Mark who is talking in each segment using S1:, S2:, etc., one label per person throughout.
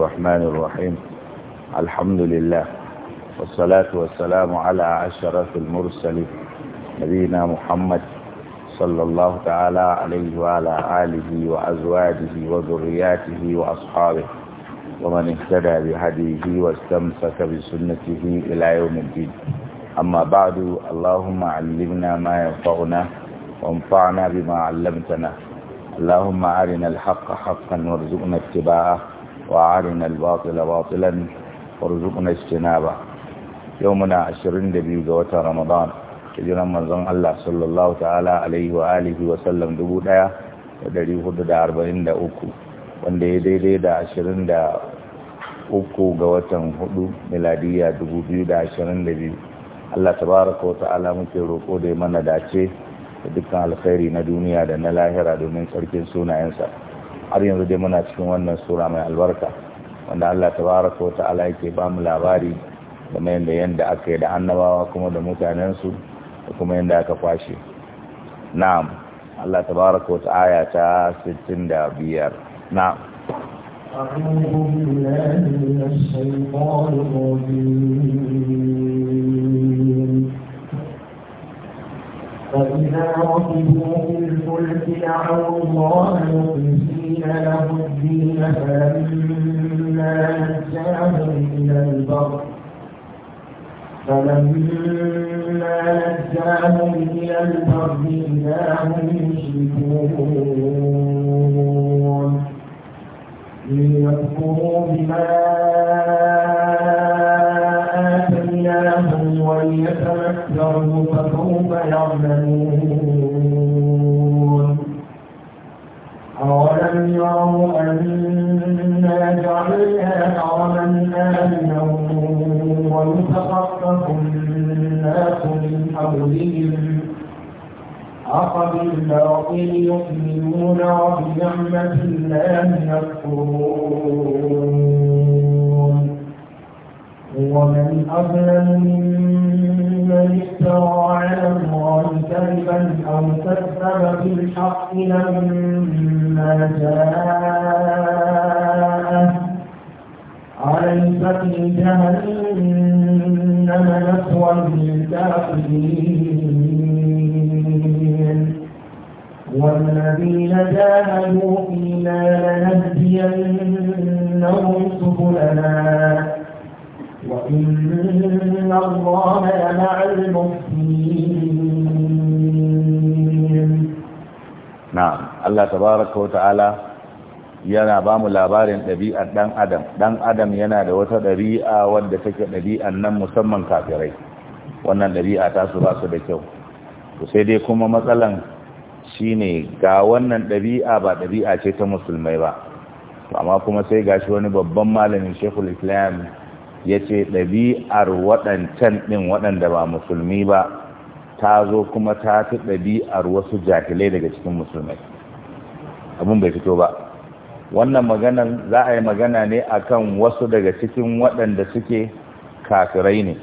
S1: الرحمن الرحيم الحمد لله والصلاة والسلام على أشرف المرسلين نبينا محمد صلى الله تعالى عليه وعلى آله وأزواجه وذرياته وأصحابه ومن اهتدى بهديه واستمسك بسنته إلى يوم الدين أما بعد اللهم علمنا ما ينفعنا وانفعنا بما علمتنا اللهم أرنا الحق حقا وارزقنا اتباعه وعارنا الباطل باطلا ورزقنا اجتنابه يومنا 22 ga watan Ramadan hijiran manzon Allah sallallahu ta'ala alaihi wa alihi wa sallam 1443 wanda ya daidai da 23 ga watan 4 miladiya 2022 Allah tabaraka wa ta'ala muke roko da mana dace da dukkan alkhairi na duniya da na lahira domin sarkin sunayensa har yanzu dai muna cikin wannan sura mai albarka wanda Allah tabaraka wa ta'ala yake ba mu labari game da yanda aka yi da annabawa kuma da mutanensu da kuma yanda aka kwashe na'am Allah tabaraka wa ta'ala ta 65 na'am
S2: أعوذ بالله من الشيطان الرجيم فإذا ركبوا في الفلك دعوا الله مخلصين له الدين فلما نجاهم إلى البر فلما نجاهم إلى البر إذا هم يشركون ليكفروا بما ومن يتمكره فسوف يعملون أولم يروا أنا جعلنا حرما آمنا ويتخطف الناس من حولهم أفبالباطل يؤمنون وبنعمة الله يكفرون ومن أظلم ممن افترى على الله كذبا أو كذب بالحق لما جاءه أليس في جهنم مثوى للكافرين والذين جاهدوا فينا لنهدينهم سبلنا وإن الله لمع
S1: wa ta’ala yana ba mu labarin ɗabi'ar ɗan adam ɗan adam yana da wata ɗabi'a wadda take ɗabi'an nan musamman kafirai wannan ɗabi'a ta su ba su da kyau to sai dai kuma matsalan shine ga wannan ɗabi'a ba ɗabi'a ce ta musulmai ba amma kuma sai gashi wani babban malamin shekul islam ya ce ɗabi'ar waɗancan ɗin waɗanda ba musulmi ba ta zo kuma ta fi ɗabi'ar wasu jahilai daga cikin musulmai abin bai fito ba wannan magana za a yi magana ne akan wasu daga cikin waɗanda suke kafirai ne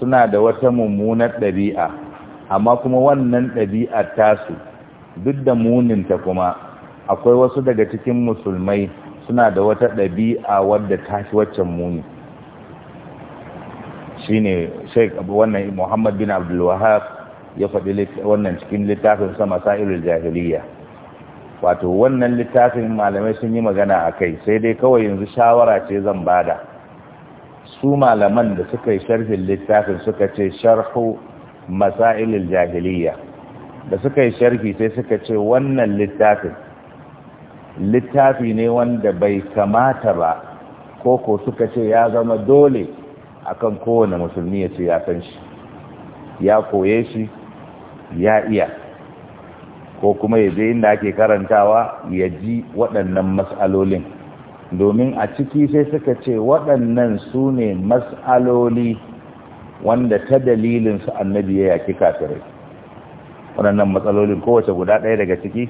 S1: suna da wata mummunar ɗabi'a amma kuma wannan ɗabi'ar tasu duk da muninta kuma akwai wasu daga cikin musulmai suna da wata ɗabi'a wadda ta fi waccan muni shine Sheikh Abu wannan Muhammad bin Abdul Wahhab ya faɗi wannan cikin littafin sa Masailul Jahiliya wato wannan littafin malamai sun yi magana akai sai dai kawai yanzu shawara ce zan bada su malaman da suka yi sharhin littafin suka ce sharhu Masailul Jahiliya da suka yi sharhi sai suka ce wannan littafin littafi ne wanda bai kamata ba koko suka ce ya zama dole akan kowane musulmi ya ce ya san shi ya koye shi ya iya ko kuma ya je inda ake karantawa ya ji waɗannan matsalolin domin a ciki sai suka ce waɗannan su ne matsaloli wanda ta dalilinsu annabi ya yaki kafirai waɗannan matsalolin kowace guda ɗaya daga ciki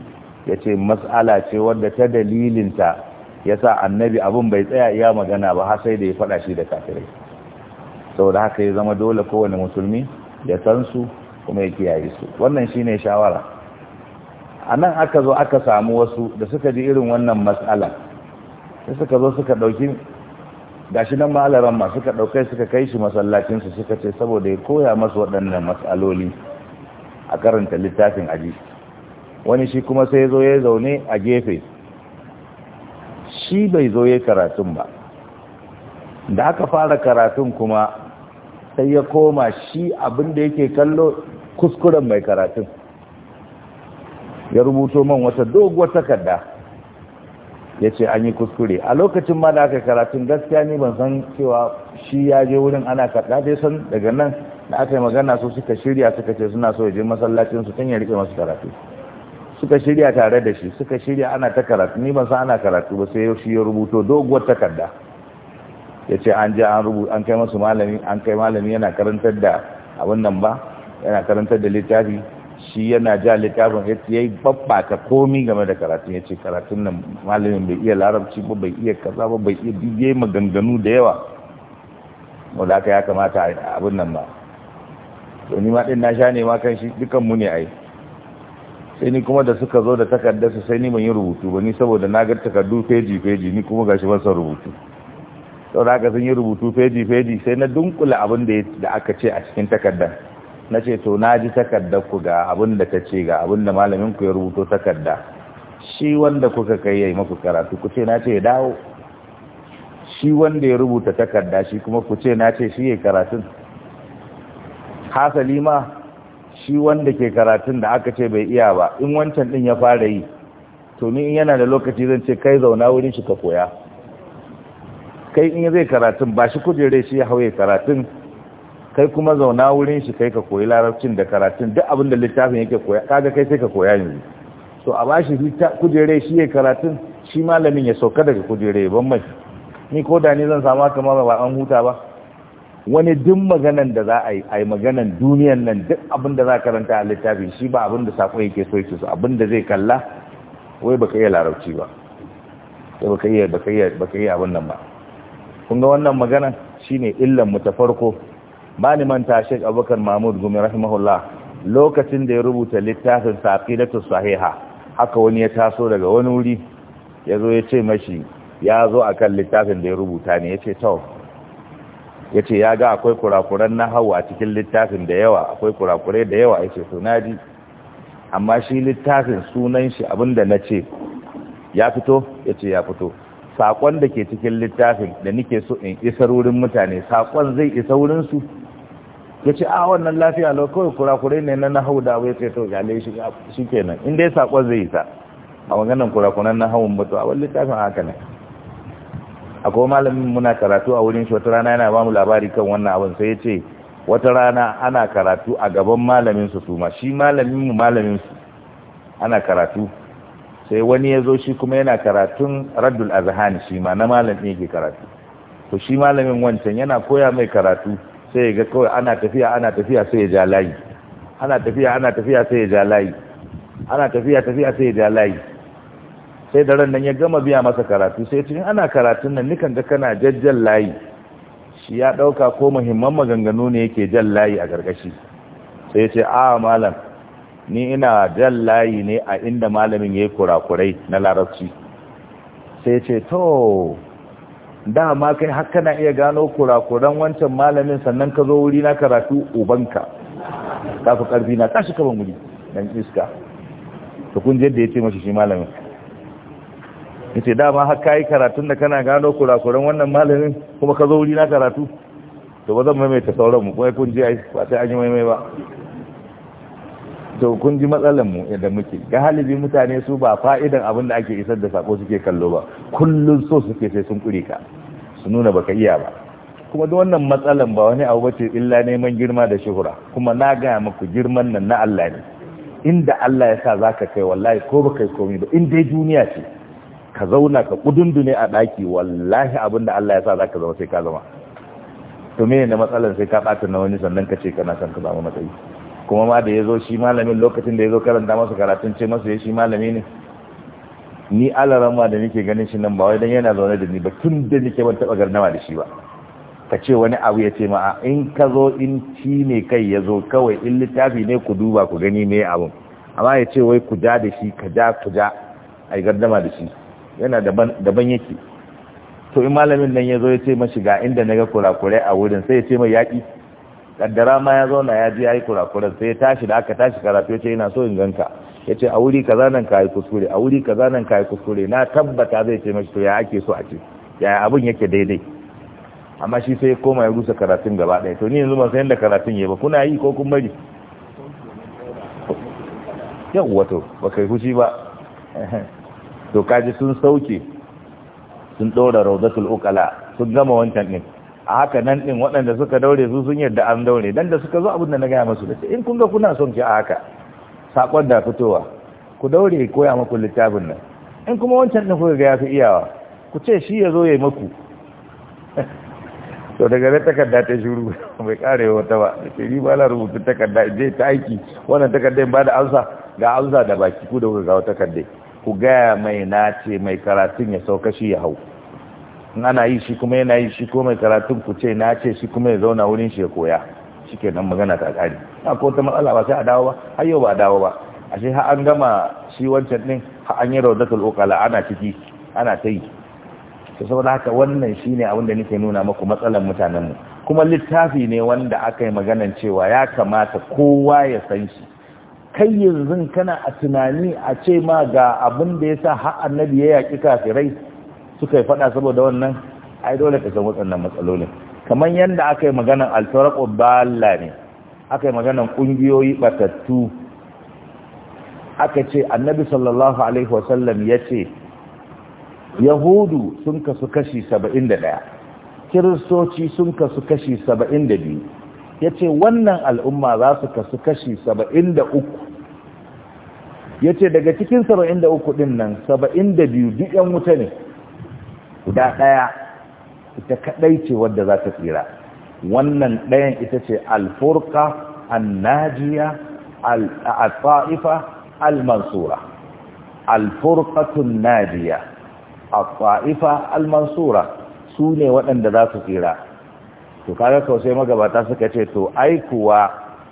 S1: ya ce matsala ce wadda ta dalilinta ya sa annabi abin bai tsaya iya magana ba har sai da ya faɗa shi da kafirai saboda haka ya zama dole kowane musulmi ya san su kuma ya kiyaye su wannan shine shawara a nan aka zo aka samu wasu da suka ji irin wannan matsala sai suka zo suka ɗauki gashi nan malaran ma suka ɗaukai suka kai shi masallacinsu suka ce saboda ya koya masu waɗannan mas'aloli a karanta littafin aji wani shi kuma sai zo ya zaune a gefe shi bai zo ya karatun ba da aka fara karatun kuma sai ya koma shi abin da yake kallo kuskuren mai karatun ya rubuto man wata doguwar takarda ya ce an yi kuskure a lokacin ma da aka karatun gaskiya ne ban san cewa shi ya je wurin ana karɗa dai san daga nan da aka yi magana su suka shirya suka ce suna so je masallacin su tun ya rike masu karatu suka shirya tare da shi suka shirya ana ta karatu ni ban san ana karatu ba sai shi ya rubuto doguwar takarda ya ce an je an rubuta an kai masu malami an kai malami yana karantar da abin nan ba yana karantar da littafi shi yana ja littafin ya yi babbata komi game da karatun ya ce karatun nan malamin bai iya larabci ba bai iya kaza ba bai iya bibiye maganganu da yawa wanda aka ya kamata abin nan ba to ni ma din na sha ne ma kan shi dukan mu ne ai sai ni kuma da suka zo da takardar su sai ni ban yi rubutu ba ni saboda na ga takardu feji feji ni kuma gashi ban san rubutu sau da aka sun yi rubutu feji-feji sai na dunkula abin da aka ce a cikin takardar na ce to na ji takardar ku ga abin da ta ce ga abin da malamin ku ya rubuto takarda shi wanda kuka kai yayi maku karatu ku ce na ce ya dawo shi wanda ya rubuta takarda shi kuma ku ce na ce shi ya karatun hasali ma shi wanda ke karatun da aka ce bai iya ba in wancan din ya fara yi to ni in yana da lokaci zan ce kai zauna wurin shi ka koya kai in zai karatun ba shi kujerai shi ya hauye karatun kai kuma zauna wurin shi kai ka koyi larabcin da karatun duk abin da littafin yake koya kaga kai sai ka koya yanzu to a bashi kujerai shi ya karatun shi malamin ya sauka daga kujerai ban mai ni ko da ni zan samu haka ma ba an huta ba wani duk maganan da za a yi a yi maganan duniyan nan duk abin da za a karanta a littafi shi ba abin da sako yake so yake so abin da zai kalla wai baka iya larabci ba sai baka iya iya baka iya abin nan ba kun ga wannan magana shine illan mu ta farko bani manta Sheikh Abubakar Mahmud Gumi rahimahullah lokacin da ya rubuta littafin Saqilatu Sahiha haka wani ya taso daga wani wuri yazo ya ce mashi ya zo akan littafin da ya rubuta ne yace to yace ya ga akwai kurakuran hau a cikin littafin da yawa akwai kurakurai da yawa yace to naji amma shi littafin sunan shi abinda nace ya fito yace ya fito saƙon da ke cikin littafin da nike so in isa wurin mutane saƙon zai isa wurinsu ya ce a ah, wannan lafiya lau kawai kurakurai ne na nahau da wai ce to gale shi kenan inda ya saƙon zai isa a maganin kurakunan nahawun mutu a wani littafin haka ne kuma malamin muna karatu a wurin shi wata rana yana ba mu labari kan wannan abin sai ya ce wata rana ana karatu a gaban malamin su suma shi malamin mu malamin su ana karatu sai wani ya zo shi kuma yana karatun raddul azhan shi ma na malamin yake karatu to shi malamin wancan yana koya mai karatu sai ya ga kawai ana tafiya ana tafiya sai ya ja layi ana tafiya ana tafiya sai ya ja layi ana tafiya tafiya sai ya ja layi sai da ran nan ya gama biya masa karatu sai cikin ana karatun nan nikan da kana jajjal layi shi ya dauka ko muhimman maganganu ne yake jan layi a gargashi sai ya ce a malam ni ina jan layi ne a inda malamin ya yi kurakurai na larabci sai ce to dama kai haka na iya gano kurakuran wancan malamin sannan ka zo wuri na karatu ubanka ka fi karfi na tashi kaban wuri dan iska ta kunjiyar da ya ce mashi shi malamin ya ce dama haka yi karatun da kana gano kurakuran wannan malamin kuma ka zo wuri na karatu to ba zan maimaita sauran mu kuma yi ba sai an yi maimai ba to kun ji matsalar mu yadda muke ga halibi mutane su ba fa'idan abin da ake isar da sako suke kallo ba kullum so suke sai sun kure ka su nuna baka iya ba kuma duk wannan matsalan ba wani abu bace illa neman girma da shuhura kuma na gaya muku girman nan na Allah ne inda Allah ya sa zaka kai wallahi ko baka kai komai ba in dai duniya ce ka zauna ka kudundune a daki wallahi da Allah ya sa zaka zama sai ka zama to me ne matsalan sai ka bata na wani sannan ka ce kana san ka zama matsayi kuma ma da ya zo shi malamin lokacin da ya zo karanta masa karatun ce masa ya shi malami ne ni alarama da nake ganin shi nan ba wai dan yana zaune da ni ba tun da nake ban taba garnama da shi ba ka ce wani abu ya ce ma in ka zo in ci ne kai ya zo kawai in littafi ne ku duba ku gani me abun amma ya ce wai ku ja da shi ka ja ku ja ai gardama da shi yana daban daban yake to in malamin nan ya zo ya ce mashi ga inda ga kurakurai a wurin sai ya ce mai yaki kaddara ma ya zauna ya ji yayi kurakuran sai ya tashi da aka tashi karatu ya ce ina so in ganka ya ce a wuri kaza nan kayi kuskure a wuri kaza nan kayi kuskure na tabbata zai ce mashi to ya ake so a ce yaya abin yake daidai amma shi sai ya koma ya rusa karatun gaba ɗaya to ni yanzu ban san yadda karatun yayi ba kuna yi ko kun bari yawwa wato ba kai fushi ba to kaji sun sauke sun ɗora raudatul ukala sun gama wancan ɗin a haka nan ɗin waɗanda suka daure su sun yadda an daure dan da suka zo abin da na gaya masu da in kun ga kuna son ki a haka sakon da fitowa ku daure koya maku littafin nan in kuma wancan ɗin kuka ga su iyawa ku ce shi ya zo ya yi maku to daga zai takarda ta shuru bai kare wata ba da ke ba na rubutu takarda je ta aiki wannan takardar ba da amsa ga amsa da baki ku da kuka wata takarda ku gaya mai na ce mai karatun ya sauka shi ya hau in ana yi shi kuma yana yi shi ko mai karatun ku ce na ce shi kuma ya zauna wurin shi ya koya shi ke nan magana ta kare na ko ta matsala ba sai a dawo ba har yau ba a dawo ba ashe shi an gama shi wancan din ha an yi raudatul uqala ana ciki ana ta yi to saboda haka wannan shine abin da nake nuna maku matsalar mutanen mu kuma littafi ne wanda aka yi maganan cewa ya kamata kowa ya san shi kai yanzu kana a tunani a ce ma ga abin da ya sa har annabi ya yaki kafirai suka yi faɗa saboda wannan ai dole ka san waɗannan matsalolin kamar yadda aka yi al alfarko balla ne aka yi magana ƙungiyoyi batattu aka ce annabi sallallahu alaihi wasallam ya ce yahudu sun kasu kashi saba'in da ɗaya kiristoci sun kasu kashi saba'in da biyu ya ce wannan al'umma za su kasu kashi saba'in da uku ya ce daga cikin saba'in da uku nan saba'in da biyu duk ‘yan wuta ne guda ɗaya ita kaɗai ce wadda za ta tsira wannan ɗayan ita ce alfurka annajiya al-ta'ifa al-mansura alfurqatun najiya al-ta'ifa al-mansura su ne waɗanda za su tsira to kaga kausai magabata suka ce to aikuwa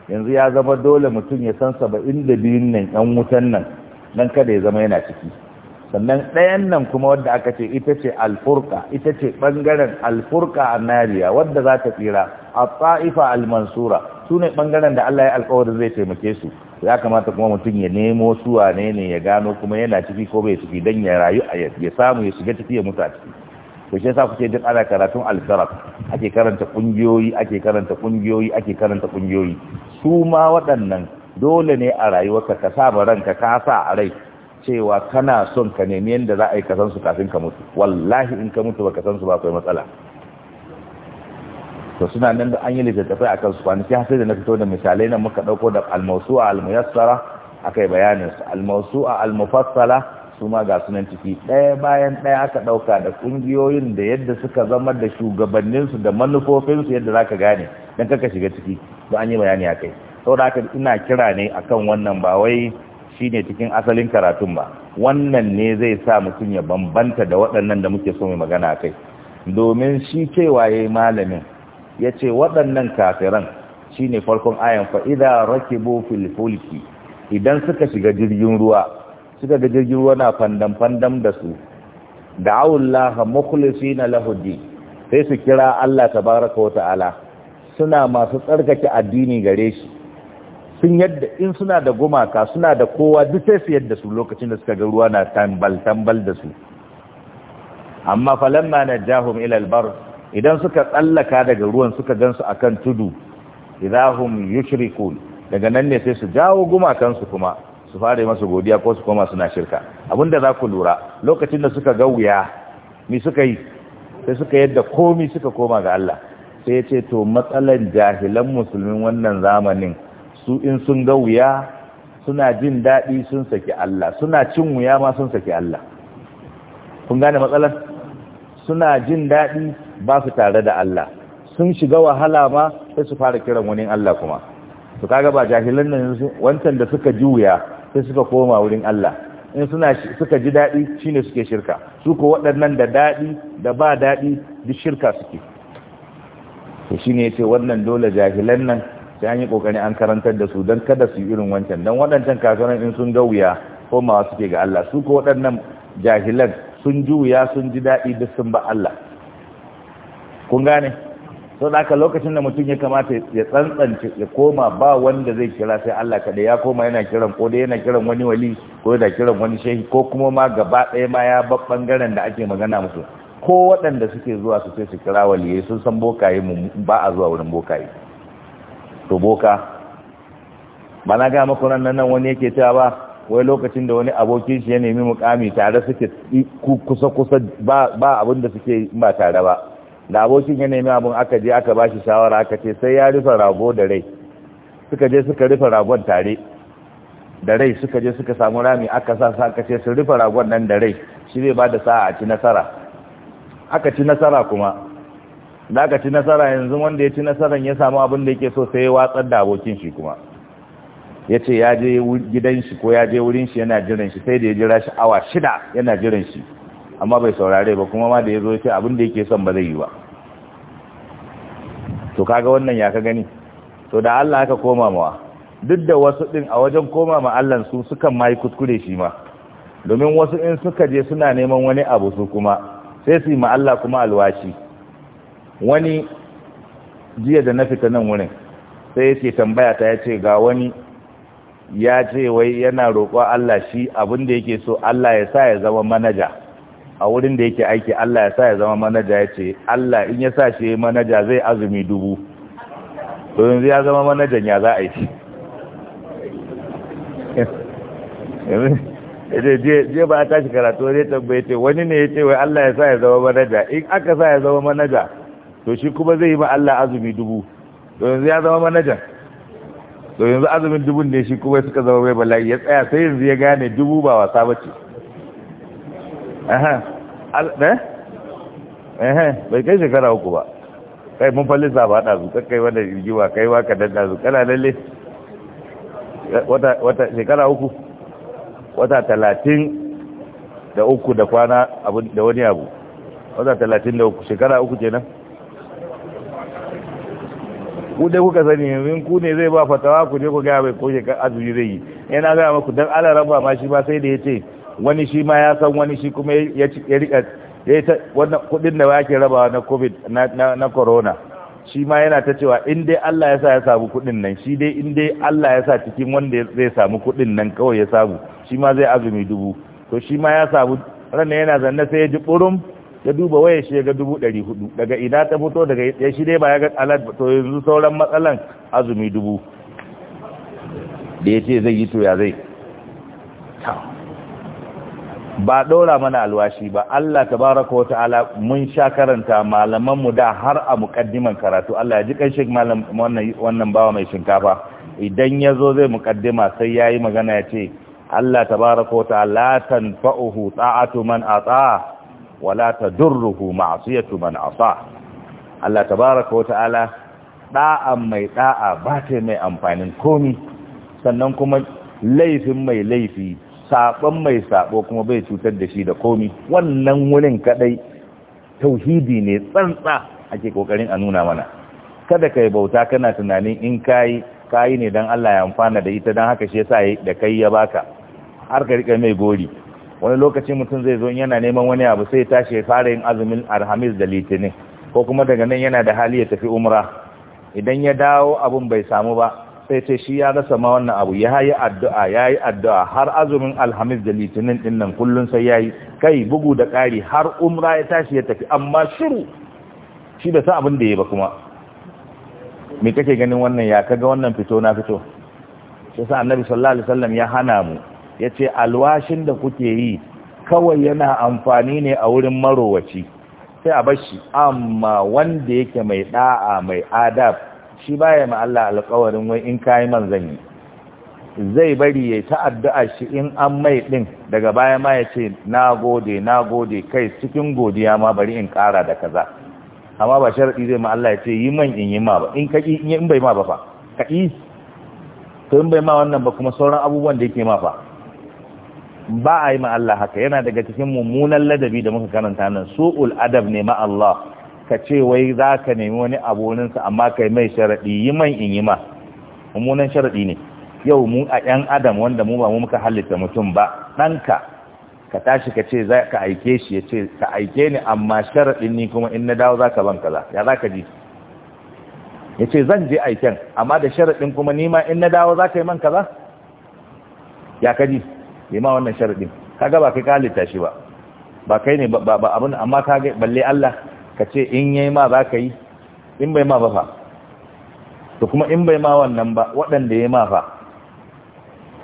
S1: yanzu ya zama dole mutum ya san saba'in da biyun nan yan wutan nan nan kada ya zama yana ciki sannan ɗayan nan kuma wadda aka ce ita ce alfurka ita ce ɓangaren alfurka a nariya wadda za ta tsira a tsa'ifa almansura su ne ɓangaren da Allah ya alkawar zai taimake su ya kamata kuma mutum ya nemo suwanene ne ne ya gano kuma yana ciki ko bai ciki don ya rayu a ya samu ya shiga ciki ya mutu a ciki ko shi yasa kuke duk ana karatun al ake karanta kungiyoyi ake karanta kungiyoyi ake karanta kungiyoyi su ma waɗannan dole ne a rayuwarka ka saba ranka ka sa a rai cewa kana son ka nemi yadda za a yi kasan kafin ka mutu wallahi in ka mutu ba kasan su ba kai matsala to suna nan da an yi littattafai a kansu kwanaki har sai da na fito da misalai nan muka ɗauko da almasu'a almuyassara kai bayanin su almasu'a almufassala su ma ga sunan ciki ɗaya bayan ɗaya aka ɗauka da ƙungiyoyin da yadda suka zama da shugabanninsu da manufofinsu yadda za ka gane don kaka shiga ciki to an yi bayani a kai saboda haka ina kira ne akan wannan ba wai Shi ne cikin asalin karatun ba wannan ne zai sa mutum ya bambanta da waɗannan da muke so mai magana kai domin shi cewa ya yi malamin ya ce waɗannan kafiran shi ne farkon ayan fa'ida bofil folki. idan suka shiga jirgin ruwa suka ga jirgin ruwa na fandam-fandam da su da awullaha makulisi na lahudi sai su kira Allah tabaraka baraka wata'ala suna masu tsarkake addini gare shi sun yadda in suna da gumaka suna da kowa duk sai su yadda su lokacin da suka ga ruwa na tambal tambal da su amma falamma najahum ila albar idan suka tsallaka daga ruwan suka gansu akan tudu idahum yushrikun daga nan ne sai su jawo gumakansu kuma su fara masu godiya ko su koma suna shirka abinda za ku lura lokacin da suka ga wuya mi suka yi sai suka yadda komi suka koma ga Allah sai ya ce to matsalan jahilan musulmin wannan zamanin su in sun ga wuya suna jin daɗi sun saki Allah suna cin wuya ma sun saki Allah kun gane matsalar suna jin daɗi ba su tare da Allah sun shiga wahala ma sai su fara kiran wani Allah kuma su kaga ba jahilan nan wancan da suka ji wuya sai suka koma wurin Allah in suna suka ji daɗi shine suke shirka su ko waɗannan da daɗi da ba daɗi duk shirka suke to shine yace wannan dole jahilan nan sai an yi kokari an karantar da su don kada su yi irin wancan don waɗancan kafiran in sun gauya ko ma suke ga Allah su ko waɗannan jahilan sun juya sun ji daɗi duk sun ba Allah kun gane sau da aka lokacin da mutum ya kamata ya tsantsance ya koma ba wanda zai kira sai Allah kada ya koma yana kiran ko dai yana kiran wani wali ko yana kiran wani shehi ko kuma ma gaba ɗaya ma ya ba ɓangaren da ake magana musu ko waɗanda suke zuwa su sai su kira waliyai sun san bokaye mu ba a zuwa wurin bokaye to ba na gama maka nan nan wani yake cewa ba wai lokacin da wani abokin shi ya nemi mukami tare suke kusa kusa ba abin da suke ba tare ba da abokin ya nemi abin aka je aka bashi shawara aka ce sai ya rufe rago da rai suka je suka rufe ragon tare da rai suka je suka samu rami aka sa sa aka ce su rufe ragon nan da rai shi zai ba da sa'a a ci nasara aka ci nasara kuma da aka ci nasara yanzu wanda ya ci nasara ya samu abin da yake so sai ya watsar da abokin shi kuma ya ce ya je gidan shi ko ya je wurin shi yana jiran shi sai da ya jira shi awa shida yana jiran shi amma bai saurare ba kuma ma da ya zo ya ce abin da yake son ba zai yi ba to kaga wannan ya ka gani to da Allah aka koma mawa duk da wasu din a wajen koma ma Allah su sukan mayi kuskure shi ma domin wasu in suka je suna neman wani abu su kuma sai su yi ma Allah kuma alwashi wani jiya da na fita nan wurin sai yake tambaya ta ya ce ga wani ya ce wai yana roƙo Allah shi abin da yake so Allah ya sa ya zama manaja a wurin da yake aiki Allah ya sa ya zama manaja ya ce Allah in ya sa shi manaja zai azumi dubu to yanzu ya zama manajan ya za a yi je ba a tashi karatu zai tambaye wani ne ya ce wai Allah ya sa ya zama manaja in aka sa ya zama manaja to shi kuma zai yi ma Allah azumi dubu to yanzu ya zama manajan to yanzu azumin dubun ne shi kuma suka zama mai bala'i ya tsaya sai yanzu ya gane dubu ba wasa bace ce. eh bai kai shekara uku ba kai mun fallisa ba da su kai wanda rigiwa kai wa ka danda zu. kana lalle wata wata shekara uku wata talatin da uku da kwana da wani abu wata talatin da uku shekara uku kenan ku dai kuka sani yanzu ku ne zai ba fatawa ku je ku ga bai ka azumi zai yi yana ga maku dan Allah rabba ma shi ba sai da yace wani shi ma ya san wani shi kuma ya ya rika wannan kudin da yake rabawa na covid na na corona shi ma yana ta cewa in dai Allah ya sa ya samu kudin nan shi dai in dai Allah ya sa cikin wanda zai samu kudin nan kawai ya samu shi ma zai azumi dubu to shi ma ya samu ranar yana zanne sai ya ji burum ya duba waya shi ya ga dubu ɗari hudu daga ina ta fito daga ya shi dai ba ya ga alat to yanzu sauran matsalan azumi dubu da ya ce zai yi to ya zai ba ɗora mana alwashi ba Allah ta baraka wa ta'ala mun sha karanta malaman da har a muƙaddiman karatu Allah ya ji kan shek wannan bawa mai shinkafa idan ya zo zai mukaddima sai ya yi magana ya ce Allah ta baraka wa ta'ala tanfa'uhu ta'atu man ata'a wala ta durruhu ma'siyatu man asa Allah tabaaraka wata'ala da'an mai da'a ba ta mai amfanin komi sannan kuma laifin mai laifi sabon mai sabo kuma bai cutar da shi da komi wannan wurin kadai tauhidi ne tsantsa ake kokarin a nuna mana kada kai bauta kana tunanin in kai kai ne dan Allah ya amfana da ita dan haka shi yasa da kai ya baka har ka rika mai gori wani lokaci mutum zai zo yana neman wani abu sai tashi ya fara yin azumin alhamis da litinin ko kuma daga nan yana da hali ya tafi umra idan ya dawo abun bai samu ba sai ce shi ya rasa ma wannan abu ya yi addu'a ya yi addu'a har azumin alhamis da litinin din nan kullum sai ya yi kai bugu da ƙari har umra ya tashi ya tafi amma shiru shi da sa abin da ya ba kuma me kake ganin wannan ya kaga wannan fito na fito sai sa annabi sallallahu alaihi wasallam ya hana mu ya ce alwashin da kuke yi kawai yana amfani ne a wurin marowaci sai a bashi amma wanda yake mai da'a mai adab shi baya ma Allah alƙawarin wai in kai man zan yi zai bari ya addu'a shi in an mai din daga baya ma ya ce nagode nagode kai cikin godiya ma bari in ƙara da kaza amma ba sharadi zai ma Allah ya ce yi man in yi ma ba in kaki in bai ma ba fa kaki to in bai ma wannan ba kuma sauran abubuwan da yake ma fa ba a yi ma Allah haka yana daga cikin mummunan ladabi da muka karanta nan su'ul adab ne ma Allah ka ce wai za ka nemi wani abuninsa amma kai mai sharaɗi yi man in yi ma mummunan sharaɗi ne yau mu a ɗan adam wanda mu ba mu muka halitta mutum ba ɗanka ka tashi ka ce za ka aike shi ya ce ka aike ni amma sharaɗin ni kuma in na dawo za ka ban kaza ya za ka ji ya ce zan je aiken amma da sharaɗin kuma ni ma in na dawo za ka yi man kaza ya ka ji bai ma wannan sharadin kaga ba kai kalita shi ba ba kai ne ba abin amma kaga balle Allah ka ce in yayi ma za ka yi in bai ma ba fa to kuma in bai ma wannan ba waɗanda yayi ma fa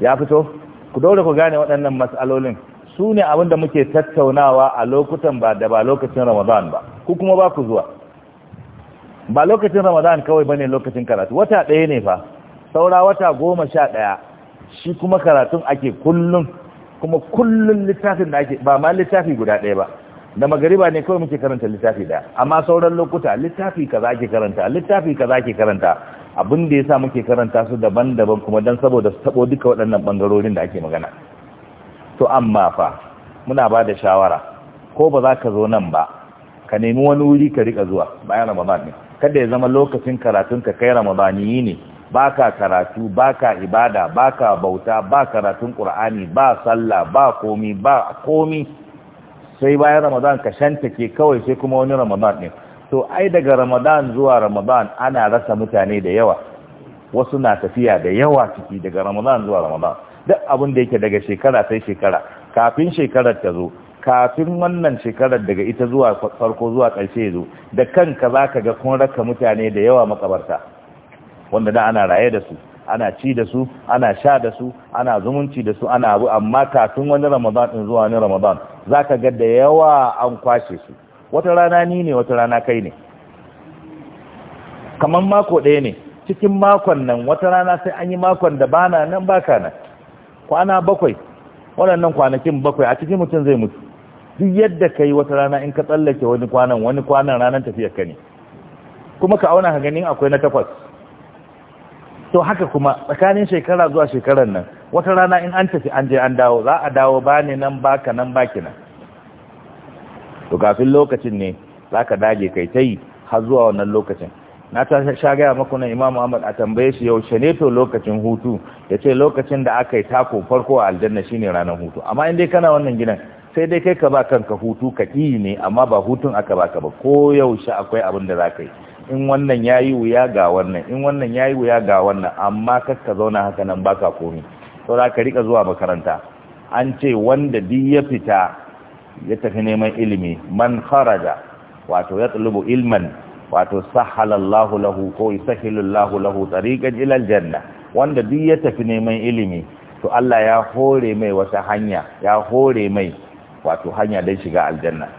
S1: ya fito ku daure ku gane waɗannan mas'alolin su ne abin da muke tattaunawa a lokutan ba da ba lokacin Ramadan ba ku kuma ba ku zuwa ba lokacin Ramadan kawai bane lokacin karatu wata ɗaya ne fa saura wata goma sha ɗaya shi kuma karatun ake kullum kuma kullum littafin da ake ba ma littafi guda ɗaya ba da magariba ne kawai muke karanta littafi ɗaya amma sauran lokuta littafi kaza ake karanta littafi kaza ake karanta abin da sa muke karanta su daban-daban kuma dan saboda su taɓo duka waɗannan bangarorin da ake magana to amma fa muna ba da shawara ko ba za ka zo nan ba ka nemi wani wuri ka riƙa zuwa bayan ramadan ne kada ya zama lokacin karatun ka kai ramadani ne baka karatu baka ibada baka bauta ba karatun qur'ani ba sallah ba komi ba komi sai bayan ramadan ka shantake kawai sai kuma wani ramadan ne to ai daga ramadan zuwa ramadan ana rasa mutane da yawa wasu na tafiya da yawa ciki daga ramadan zuwa ramadan duk abin da yake daga shekara sai shekara kafin shekarar ta zo kafin wannan shekarar daga ita zuwa farko zuwa ƙarshe zo da kanka za ka ga kun raka mutane da yawa makabarta wanda da ana raye da su ana ci da su ana sha da su ana zumunci da su ana abu amma kafin wani ramadan din zuwa wani ramadan zaka ga da yawa an kwashe su wata rana ni ne wata rana kai ne kaman mako ɗaya ne cikin makon nan wata rana sai an yi makon da bana nan baka nan kwana bakwai waɗannan kwanakin bakwai a cikin mutum zai mutu duk yadda ka yi wata rana in ka tsallake wani kwanan wani kwanan ranar tafiyar ka ne kuma ka auna ka ganin akwai na takwas to haka kuma tsakanin shekara zuwa shekarar nan wata rana in an tafi an je an dawo za a dawo ba ne nan baka nan baki nan to kafin lokacin ne za ka dage kai ta yi har zuwa wannan lokacin na ta sha gaya maku nan imamu ahmad a tambaye shi yaushe ne to lokacin hutu ya ce lokacin da aka yi tako farko a aljanna shine ranar hutu amma in dai kana wannan gidan sai dai kai ka ba kanka hutu ka ne amma ba hutun aka baka ba ko yaushe akwai abin da za ka yi in wannan ya yi wuya ga wannan in wannan ya yi wuya ga wannan amma kakka zauna haka nan baka komi saura ka rika zuwa makaranta an ce wanda duk ya fita ya tafi neman ilimi man kharaja wato ya tulubu ilman wato sahalallahu lahu ko yusahhilullahu lahu tsarikan ilal janna wanda duk ya tafi neman ilimi to Allah ya hore mai wata hanya ya hore mai wato hanya don shiga aljanna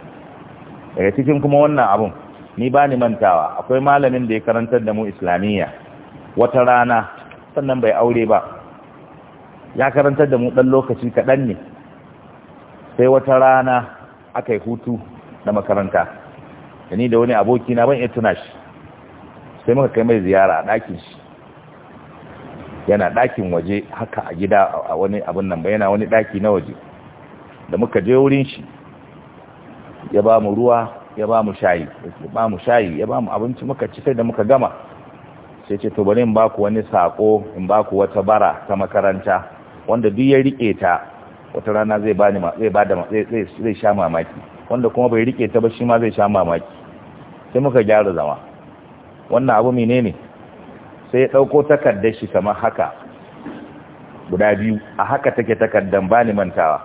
S1: daga cikin kuma wannan abun ni ba ni mantawa akwai malamin da ya karantar da mu islamiyya wata rana sannan bai aure ba ya karantar da mu ɗan lokaci kaɗan ne sai wata rana aka yi hutu na makaranta da ni da wani aboki na ban iya tuna shi sai muka kai mai ziyara a ɗakin shi yana ɗakin waje haka a gida a wani abin nan ba yana wani ɗaki na waje da muka je wurin shi ya ba mu ruwa ya ba mu shayi ya ba mu shayi ya ba mu abinci muka ci sai da muka gama sai ce to bari in ba ku wani sako in ba ku wata bara ta makaranta wanda duk ya rike ta wata rana zai bani ma zai bada zai zai sha mamaki wanda kuma bai rike ta ba shi ma zai sha mamaki sai muka gyara zama wannan abu menene sai ya dauko takardar shi kamar haka guda biyu a haka take takardar bani mantawa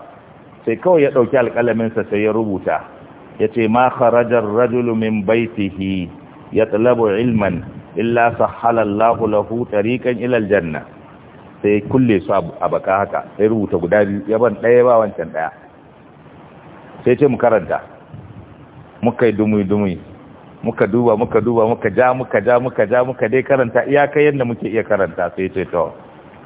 S1: sai kawai ya dauki alƙalamin sa sai ya rubuta yace ma kharaja ar-rajulu min baytihi yatlabu ilman illa sahala Allahu lahu tariqan ila al-janna sai kulle su a baka haka sai rubuta guda biyu yaban daya ba wancan daya sai ce mu karanta muka yi dumi dumi muka duba muka duba muka ja muka ja muka ja muka dai karanta iyaka yanda muke iya karanta sai ce to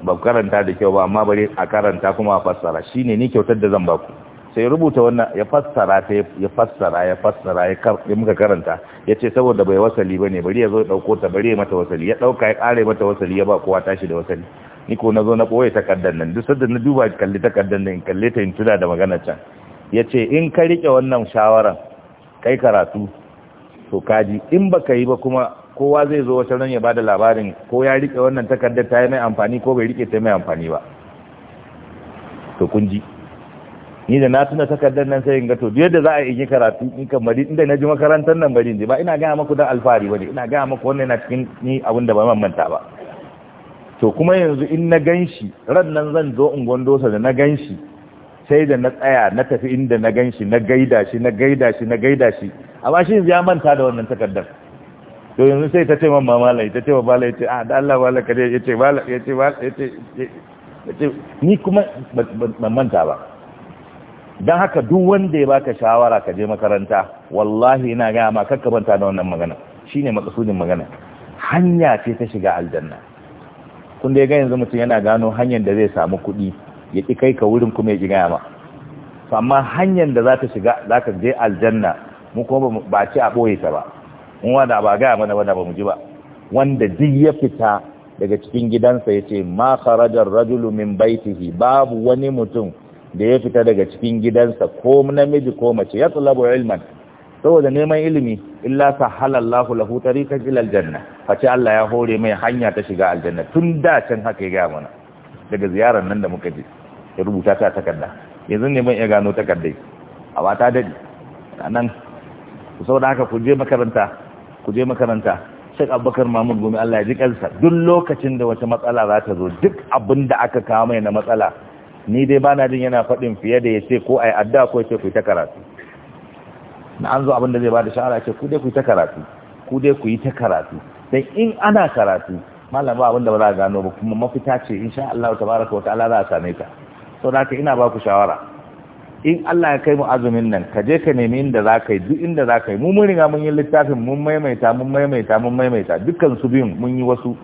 S1: ba karanta da kyau ba amma bari a karanta kuma a fassara shine ni kyautar da zan baku sai rubuta wannan ya fassara ta ya fassara ya fassara ya muka karanta ya ce saboda bai wasali ba ne bari ya zo ya ɗauko ta bari ya mata wasali ya dauka ya ƙare mata wasali ya ba kowa tashi da wasali ni ko na zo na ɓoye takardar nan duk sadda na duba kalli takardar nan kalle ta in tuna da magana can ya ce in ka rike wannan shawaran kai karatu to kaji in baka yi ba kuma kowa zai zo wata ran ya bada labarin ko ya riƙe wannan takardar ta yi mai amfani ko bai riƙe ta mai amfani ba to kun ji ni da na tuna takardar nan sai in ga to duk yadda za a yi karatu in kamari, inda na ji makarantar nan bari ba ina gaya maku dan alfahari bane ina gaya maku wannan yana cikin ni abin da ba mamanta ba to kuma yanzu in na ganshi ran nan zan zo in gondosa da na ganshi sai da na tsaya na tafi inda na ganshi na gaida shi na gaida shi na gaida shi amma shi ya manta da wannan takardar to yanzu sai ta ce man mamala ta ce Bala yace a ah, da Allah Bala wala kare yace Bala yace wala yace ni kuma ban manta ba don haka duk wanda ya baka shawara ka je makaranta wallahi ina gaya ma kakka banta da wannan magana shine makasudin magana hanya ce ta shiga aljanna kun da ya ga yanzu mutum yana gano hanyar da zai samu kuɗi ya ki kai ka wurin kuma ya ji gaya ma amma hanyar da za ta shiga za ka je aljanna mu kuma ba ce a ɓoye ta ba mun wanda ba gaya mana wanda ba mu ji ba wanda duk ya fita daga cikin gidansa ya ce ma kharajar rajulu min baitihi babu wani mutum da ya fita daga cikin gidansa ko namiji ko mace ya tsalabu ilman saboda neman ilimi illa sahalar lahu tariqan ila aljanna face Allah ya hore mai hanya ta shiga aljanna tun da can haka ya ga mana daga ziyarar nan da muka je ya rubuta ta takarda yanzu ne ban iya gano takardai amma ta A nan ku saboda haka ku je makaranta ku je makaranta Sheikh Abubakar Mahmud Gumi Allah ya ji kansa duk lokacin da wata matsala za ta zo duk abin da aka kawo mai na matsala ni dai bana jin yana faɗin fiye da ya ce ko ai adda ko ya ce ku yi ta karatu na an zo abin da zai bada shawara ce ku dai ku yi ta karatu ku dai ku yi ta karatu dan in ana karatu malam ba abin ba za a gano ba kuma mafita ce insha Allah tabaraka wa ta'ala za a same ta saboda ka ina ba ku shawara in Allah ya kai mu azumin nan ka je ka nemi inda za ka yi duk inda za ka yi mun riga mun yi littafin mun maimaita mun maimaita mun maimaita dukkan su biyun mun yi wasu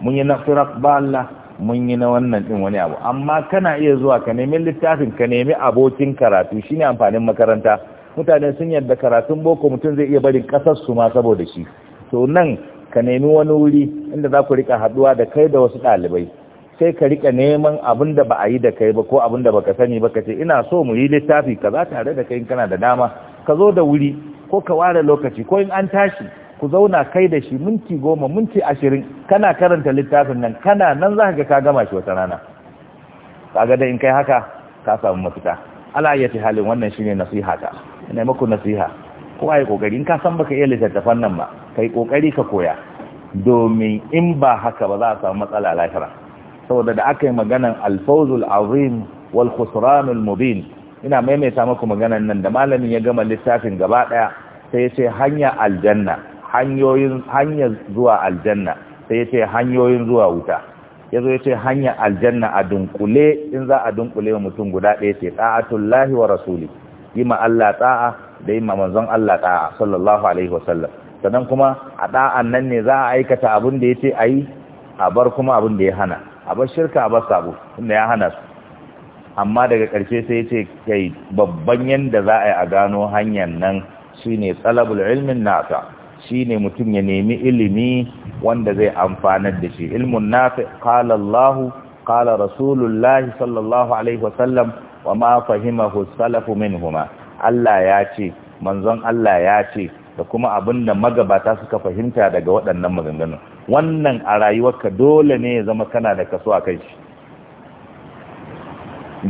S1: mun yi nafsirat ba Allah mun yi na wannan din wani abu amma kana iya zuwa ka nemi littafin ka nemi abokin karatu shine amfanin makaranta mutane sun yarda karatun boko mutum zai iya barin kasar su ma saboda shi to nan ka nemi wani wuri inda za ku rika haɗuwa da kai da wasu ɗalibai sai ka rika neman abin da ba a yi da kai ba ko abin da baka sani ba ka ce ina so mu yi littafi kaza tare da kai kana da dama ka zo da wuri ko ka ware lokaci ko in an tashi ku zauna kai da shi minti goma minti ashirin kana karanta littafin nan kana nan za ka gama shi wata rana kaga da in kai haka ka samu mafita ala ya halin wannan shi ne nasiha ta ina maku nasiha ko ya kokari in ka san baka iya littattafan nan ba kai kokari ka koya domin in ba haka ba za a samu matsala lahira saboda da aka yi maganan alfawzul azim wal khusranul mubin ina maimaita maku maganan nan da malamin ya gama littafin gaba daya sai ya ce hanya aljanna hanyoyin hanyar zuwa aljanna sai ya ce hanyoyin zuwa wuta ya zo ya ce hanyar aljanna a dunkule in za a dunkule mutum guda ɗaya ce lahi wa rasuli yi ma Allah ɗa'a da yi ma manzon Allah ɗa'a sallallahu alaihi wasallam sannan kuma a ɗa'an nan ne za a aikata abin da ya ce a yi a bar kuma abin da ya hana a bar shirka a bar sabo inda ya hana su amma daga karshe sai ya ce kai babban yanda za a yi a gano hanyar nan shine tsalabul ilmin nasa shine mutum ya nemi ilimi wanda zai amfana da shi ilmun nafi qala Allah qala Rasulullahi sallallahu alaihi wasallam wa ma fahimahu salafu minhuma Allah ya ce manzon Allah ya ce da kuma abinda magabata suka fahimta daga waɗannan maganganun wannan a rayuwarka dole ne ya zama kana da kaso a kai shi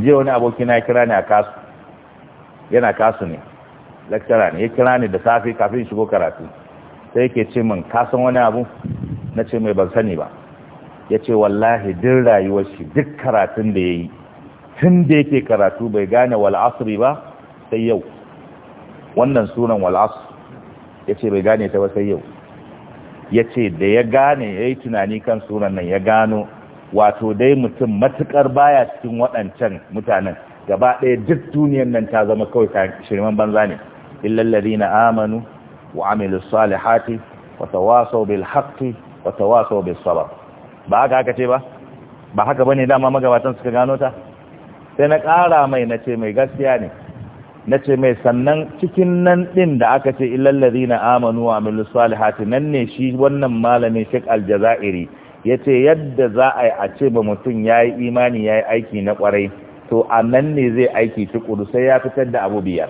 S1: jiya wani abokina ya kira ni a kasu yana kasu ne lakcara ne ya kira ni da safe kafin shigo karatu sai ke ce min kasan wani abu na ce mai ban sani ba ya ce wallahi din rayuwar shi duk karatun da ya yi tun da yake karatu bai gane wal'asuri ba sai yau wannan sunan wal'asri ya ce bai gane ta ba sai yau ya ce da ya gane ya yi tunani kan sunan nan ya gano wato dai mutum matukar baya cikin waɗancan mutanen gaba ɗaya duk duniyar nan ta zama kawai shirman banza ne illallari na amanu وعملوا الصالحات وتواصوا بالحق وتواصوا بالصبر ba haka haka ce ba ba haka bane dama magabatan suka gano ta sai na ƙara mai na ce mai gaskiya ne na ce mai sannan cikin nan ɗin da aka ce illallazi na amanu wa amilu salihati nan ne shi wannan malamin shek aljazairi ya ce yadda za a yi a ce ba mutum ya yi imani ya yi aiki na ƙwarai to a nan ne zai aiki tukuru sai ya fitar da abu biyar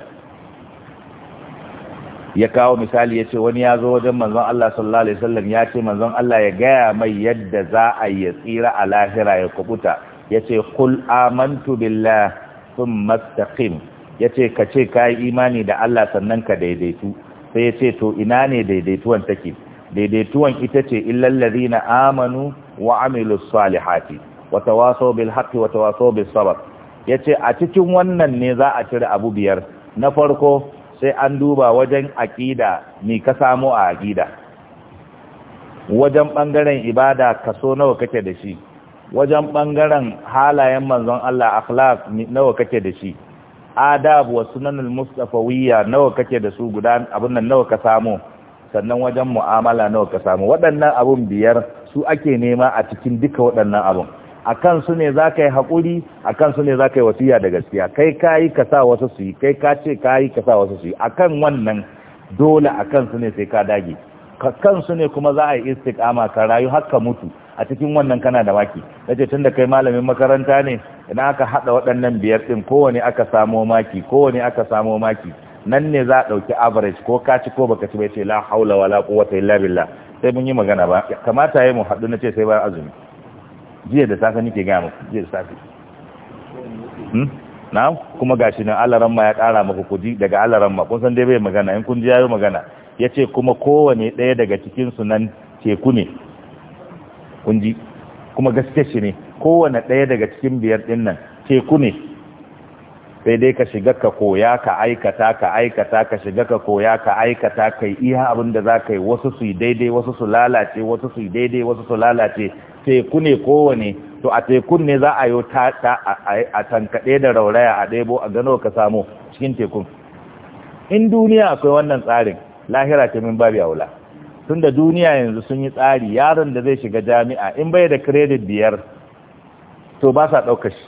S1: ya kawo misali ya ce wani ya zo wajen manzon Allah sallallahu alaihi wasallam ya ce manzon Allah ya gaya mai yadda za a yi tsira a lahira ya kubuta ya ce kul amantu billah thumma istaqim ya ce ka ce ka yi imani da Allah sannan ka daidaitu sai ya ce to ina ne daidaituwan take daidaituwan ita ce illal na amanu wa amilus salihati wata waso bil haqqi waso bil sabab ya yace a cikin wannan ne za a cire abu biyar na farko sai an duba wajen aƙida ni ka samu a aƙida wajen ɓangaren ibada kaso nawa kake da shi wajen ɓangaren halayen manzon Allah akhlaq nawa kake da shi adab wa sunanul mustafawiyya nawa kake da su guda abin nan nawa ka samu sannan wajen mu'amala nawa ka samu waɗannan abun biyar su ake nema a cikin duka waɗannan abun akan su ne za ka yi haƙuri a su ne za ka yi wasiya da gaskiya kai ka yi ka sa wasu su yi kai ka ce ka yi ka sa wasu su yi a wannan dole a su ne sai ka dage kansu ne kuma za a yi istikama ka rayu har mutu a cikin wannan kana da maki na ce tun da kai malamin makaranta ne idan aka haɗa waɗannan biyar ɗin kowane aka samo maki kowane aka samo maki nan ne za a ɗauki average ko ka ci ko baka ci bai ce la haula wala quwwata illa billah sai mun yi magana ba kamata yayi mu haɗu na ce sai bayan azumi jiya da safe nike gaya muku jiya da safe hmm? na kuma gashi nan alaran ma ya kara muku kuji daga alaran ma kun san dai bai magana in kun ji yayi magana yace kuma kowane ɗaya daga cikin su nan teku ne kun ji kuma gaske shi ne kowane ɗaya daga cikin biyar din nan teku ne sai dai ka shiga ka koya ka aikata ka aikata ka shiga ka koya ka aikata kai iya abin da za ka yi wasu su yi daidai wasu su lalace wasu su yi daidai wasu su lalace teku ne kowane to a tekun ne za a yi a tankaɗe da rauraya a ɗebo a gano ka samu cikin tekun in duniya akwai wannan tsarin lahira ta min babi aula tun da duniya yanzu sun yi tsari yaron da zai shiga jami'a in bai da kiredit biyar to ba sa ɗauka shi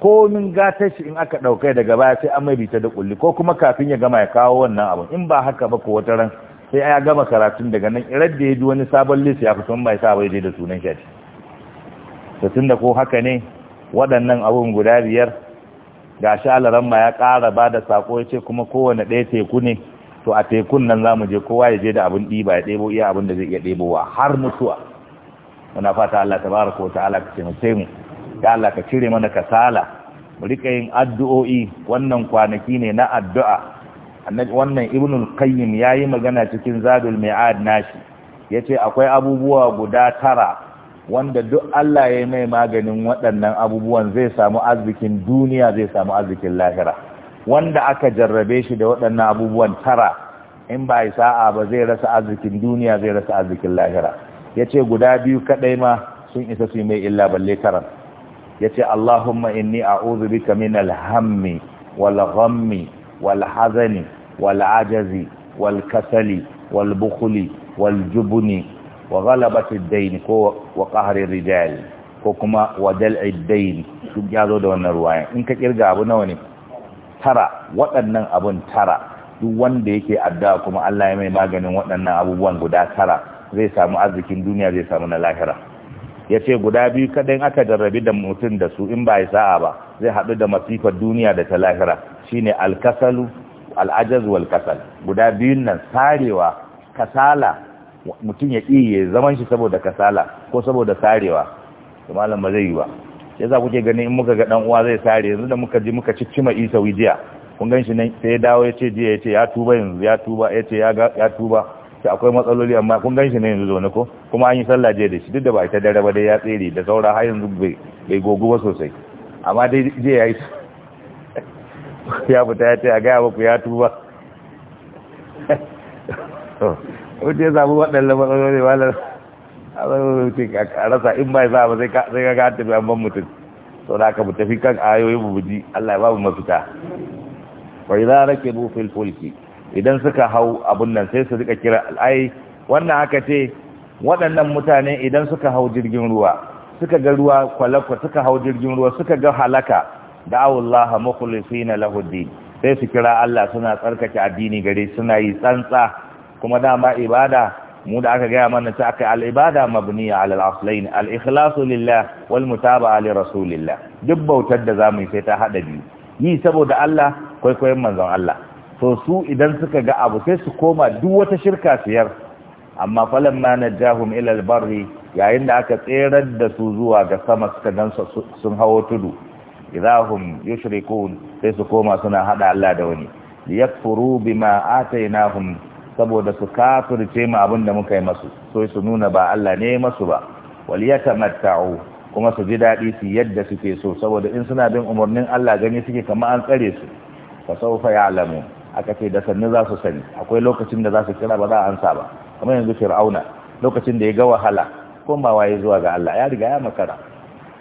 S1: Ko min gatar shi in aka ɗauka daga baya sai an mai bita da ƙulli ko kuma kafin ya gama ya kawo wannan abu? in ba haka ba ko wata ran sai ya gama karatun daga nan irar da ya ji wani sabon list ya fito mai sa bai je da sunan shi to tunda ko haka ne waɗannan abun guda biyar ga alaran ma ya kara ba da sako ya ce kuma kowane ɗaya teku ne to a tekun nan za mu je kowa ya je da abin ɗiba ya ɗebo iya abin da zai iya ɗebowa har mutuwa muna fata Allah tabaraka wa ta'ala ka taimake mu ya Allah ka cire mana kasala mu rika yin addu'o'i wannan kwanaki ne na addu'a wannan ibnul qayyim yayi magana cikin zadul mi'ad nashi yace akwai abubuwa guda tara wanda duk Allah ya mai maganin waɗannan abubuwan zai samu arzikin duniya zai samu arzikin lahira wanda aka jarrabe shi da waɗannan abubuwan tara in ba sa'a ba zai rasa arzikin duniya zai rasa arzikin lahira yace guda biyu kadai ma sun isa su mai illa balle karan yace Allahumma inni a'udhu bika min al-hammi wal-ghammi Walhazani walajazi wal ajazi wal kasali wal bukhli wal jubni wa ghalabati ad-dayn ko wa qahri rijal ko kuma wa dal'i ad-dayn duk ya da wannan ruwayan in ka kirga abu nawa tara waɗannan abun tara duk wanda yake addu'a kuma Allah ya mai maganin waɗannan abubuwan guda tara zai samu arzikin duniya zai samu na lahira ya ce guda biyu kadan aka jarrabi da mutum da su in ba ya sa'a ba zai haɗu da masifar duniya da ta lahira shine alkasalu al'ajaz wal kasal guda biyun nan sarewa kasala mutum ya iya zaman shi saboda kasala ko saboda sarewa to malam ba zai yi ba sai za kuke gani in muka ga dan uwa zai sare yanzu da muka ji muka ciccima isa wijiya kun gan shi nan sai ya dawo ya ce jiya ya ce ya tuba yanzu ya tuba ya ce ya tuba ta akwai matsaloli amma kun gan shi ne yanzu zaune ko kuma an yi sallah jiya da shi duk da ba ita dare ba dai ya tsere da saura har yanzu bai gogu ba sosai amma dai jiya ya yi ya fita ya ce a gaya maku ya tuba wuce ya samu waɗanda matsaloli ba a rasa in bai za ba sai ka ga tafi an ban mutum sau da aka tafi kan ayoyin bubuji allah ya babu mafita wai za rake rufin fulki idan suka hau abun nan sai su rika kira al'ayi wannan aka ce waɗannan mutane idan suka hau jirgin ruwa suka ga ruwa kwalakwa suka hau jirgin ruwa suka ga halaka Allah mukhlisina lahu din sai su kira Allah suna tsarkake addini gare suna yi tsantsa kuma dama ibada mu da aka gaya mana ta aka al'ibada mabniya al aslain al ikhlas lillah wal mutaba'a li rasulillah duk bautar da zamu yi sai ta hada biyu yi saboda Allah kwaikwayon manzon Allah to su idan suka ga abu sai su koma duk wata shirka siyar amma falan ma najahum ila al-barri yayin da aka tserar da su zuwa ga sama suka dan sun hawo tudu idahum yushrikun sai su koma suna hada Allah da wani yakfuru bima atainahum saboda su kafirce mu abinda muka yi masu sai su nuna ba Allah ne masu ba wal yatamatta'u kuma su ji dadi su yadda suke so saboda in suna bin umarnin Allah gani suke kamar an tsare su fa sawfa ya'lamu aka ce da sannu za su sani akwai lokacin da za su kira ba za a ansa ba kamar yanzu fir'auna lokacin da ya ga wahala komawa waye zuwa ga Allah ya riga ya makara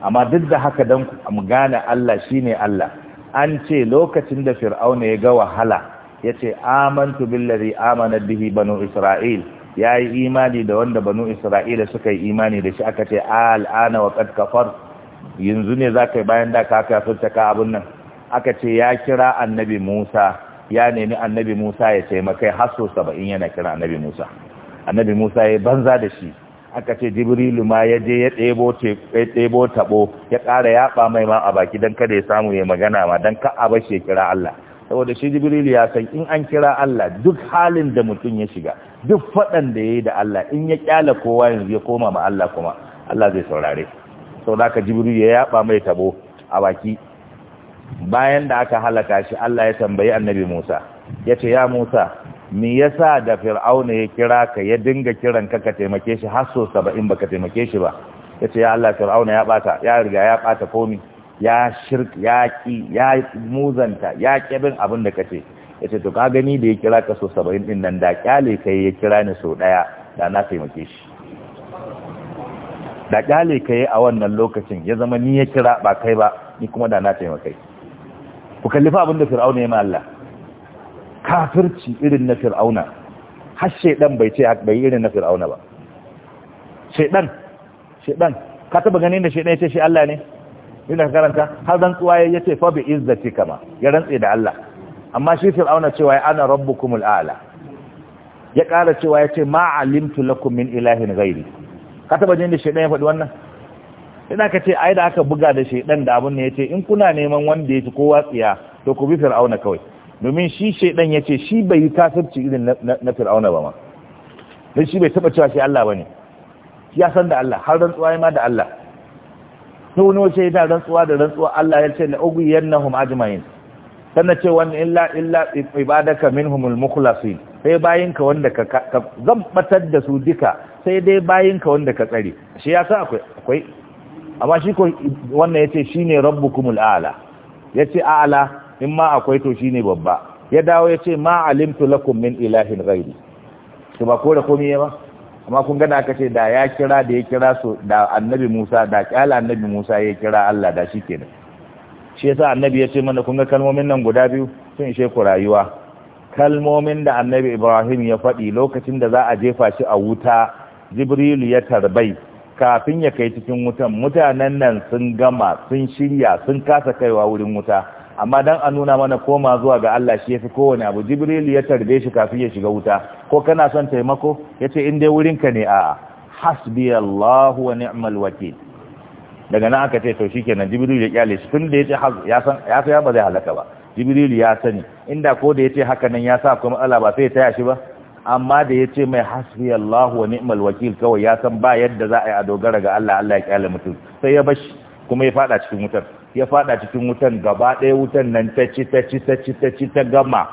S1: amma duk da haka don mu gane Allah shi ne Allah an ce lokacin da fir'auna ya ga wahala Ya ce amantu billari amanar bihi banu isra'il Ya yi imani da wanda banu isra'ila suka yi imani da shi aka ce al'ana wa qad kafar yanzu ne za yi bayan da ka kafirta ka abin nan aka ce ya kira annabi Musa ya nemi annabi Musa ya taimakai har so 70 yana kira annabi Musa annabi Musa ya banza da shi aka ce jibrilu ma ya je ya ɗebo taɓo ya ƙara yaɓa mai ma a baki don kada ya samu ya magana ma don ka a bashi ya kira Allah saboda shi jibrilu ya san in an kira Allah duk halin da mutum ya shiga duk faɗan da ya yi da Allah in ya kyala kowa yanzu ya koma ma Allah kuma Allah zai saurare sau da aka jibrilu ya yaɓa mai taɓo a baki bayan da aka halaka shi Allah ya tambayi annabi Musa ya ce ya Musa me yasa da fir'auna ya kira ka ya dinga kiran ka ka taimake shi har so 70 baka taimake shi ba yace ya Allah fir'auna ya bata ya riga ya bata komi ya shirk ya ki ya muzanta ya kebin abin da kace yace to ka gani da ya kira ka so 70 din nan da kyale kai ya kira ni so daya da na taimake shi da kyale kai a wannan lokacin ya zama ni ya kira ba kai ba ni kuma da na taimake ku kallifa abin da fir'auna ya ma Allah kafirci irin na fir'auna har shaidan bai ce bai irin na fir'auna ba shaidan shaidan ka taba gani da shaidan ya ce shi Allah ne inda ka karanta har rantsuwa ya ce fa bi izzati kama ya rantse da Allah amma shi fir'auna cewa ya ana rabbukumul a'la ya kara cewa ya ce ma alimtu lakum min ilahin ghairi ka taba gani da shaidan ya faɗi wannan ina ka ce ai da aka buga da shaidan da abun ne ya ce in kuna neman wanda ya kowa tsiya to ku bi fir'auna kawai domin shi shaidan ya ce shi bai yi kasarci irin na fir'auna ba ma don shi bai taba cewa shi Allah ba ne ya san da Allah har rantsuwa ma da Allah ta wani wace yana rantsuwa da rantsuwa Allah ya ce na ugu hum ajma'in sannan ce wani illa illa ibadaka minhumul mukhlasin sai ka wanda ka zambatar da su duka sai dai ka wanda ka tsare shi ya sa akwai akwai amma shi ko wannan yace shine rabbukumul a'la yace a'la in ma akwai to shine babba ya dawo ya ce ma alimtu lakum min ilahin ghairi to ba ko da komai ba amma kun gana aka ce da ya kira da ya kira su da annabi Musa da kyala annabi Musa ya kira Allah da shi kenan shi yasa annabi ya ce mana kun ga kalmomin nan guda biyu sun ishe ku rayuwa kalmomin da annabi Ibrahim ya faɗi lokacin da za a jefa shi a wuta Jibrilu ya tarbai kafin ya kai cikin wutan mutanen nan sun gama sun shirya sun kasa kaiwa wurin wuta amma dan a nuna mana koma zuwa ga Allah shi yafi kowane abu jibril ya tarbe shi kafin ya shiga wuta ko kana son taimako yace in dai ka ne a hasbi Allah wa ni'mal wakil daga nan aka ce to shikenan jibril ya kyale shi tun da yace ya san ya ba zai halaka ba jibril ya sani inda ko da yace haka nan ya sa kuma matsala ba sai ya taya shi ba amma da yace mai hasbi Allah wa ni'mal wakil kawai ya san ba yadda za a yi a dogara ga Allah Allah ya kyale mutum sai ya bashi kuma ya fada cikin wutar ya fada cikin wutan gaba ɗaya wutan nan ta ci ta ci ta ci ta ci ta gama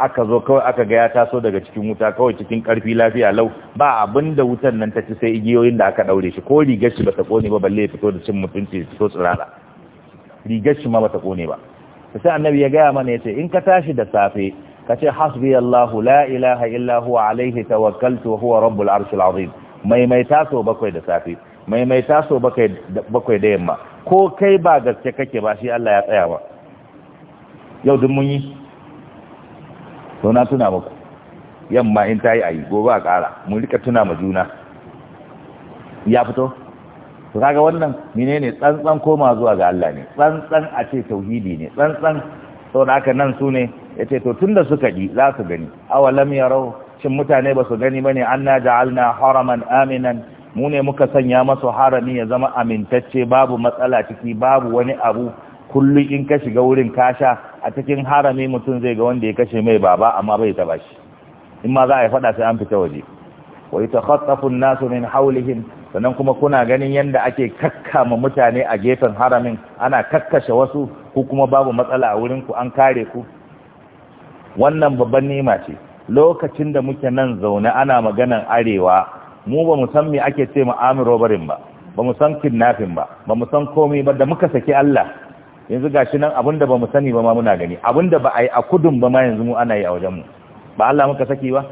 S1: aka zo kawai aka ga ya taso daga cikin wuta kawai cikin karfi lafiya lau ba abin da wutan nan ta ci sai igiyoyin da aka ɗaure shi ko rigar shi ba ta kone ba balle ya fito da cin mutunci fito tsirara rigar shi ma ba ta kone ba sai annabi ya gaya mana ya ce in ka tashi da safe ka ce hasbi Allah la ilaha illa huwa alaihi tawakkaltu wa huwa rabbul arshil azim maimaita so bakwai da safe maimaita so bakwai da yamma ko kai ba gaske kake ba shi Allah ya tsaya ba yau dun mun yi to na tuna muku yamma in ta yi a yi gobe a ƙara mun rika tuna ma juna ya fito to kaga wannan menene tsantsan koma zuwa ga Allah ne tsantsan a ce tauhidi ne tsantsan da haka nan sune. ne yace to tunda suka ji za su gani awalam yarau shin mutane ba su gani bane anna ja'alna haraman aminan mu ne muka sanya masa harami ya zama amintacce babu matsala ciki babu wani abu kullu in ka shiga wurin kasha a cikin harami mutum zai ga wanda ya kashe mai baba amma bai taba shi in ma za a yi fada sai an fita waje wa yatakhattafu an-nasu min hawlihim sannan kuma kuna ganin yanda ake kakkama mutane a gefen haramin ana kakkashe wasu ko kuma babu matsala a wurin ku an kare ku wannan babban nima ce lokacin da muke nan zaune ana maganan arewa mu ba mu san me ake ce mu amin robarin ba ba mu san ba ba mu san komai ba da muka saki Allah yanzu gashi nan abinda ba mu sani ba ma muna gani abinda ba a yi a kudun ba ma yanzu mu ana yi a wajen mu ba Allah muka saki ba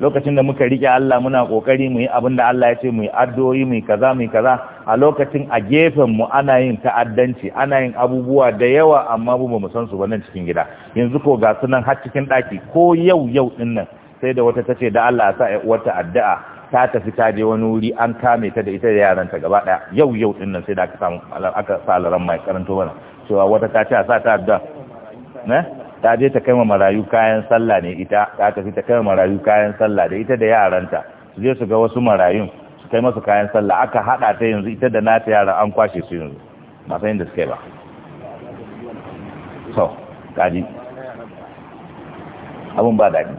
S1: lokacin da muka rike Allah muna kokari mu yi abinda Allah ya ce mu yi addu'o'i mu yi kaza mu yi kaza a lokacin a gefen mu ana yin ta'addanci ana yin abubuwa da yawa amma ba mu san su ba nan cikin gida yanzu ko ga sunan har cikin daki ko yau yau din sai da wata tace da Allah ya sa wata addu'a ta tafi ta je wani wuri an kame ta da ita da yaranta gaba daya yau yau din nan sai da aka samu aka sa alaran mai karanto mana cewa wata ta ce a sa ta da ne ta je ta kai ma marayu kayan sallah ne ita ta tafi ta kai ma marayu kayan sallah da ita da yaranta su je su ga wasu marayun su kai masu kayan sallah aka hada ta yanzu ita da nata yaran an kwashe su yanzu ba san inda suke ba so kaji abun ba daɗi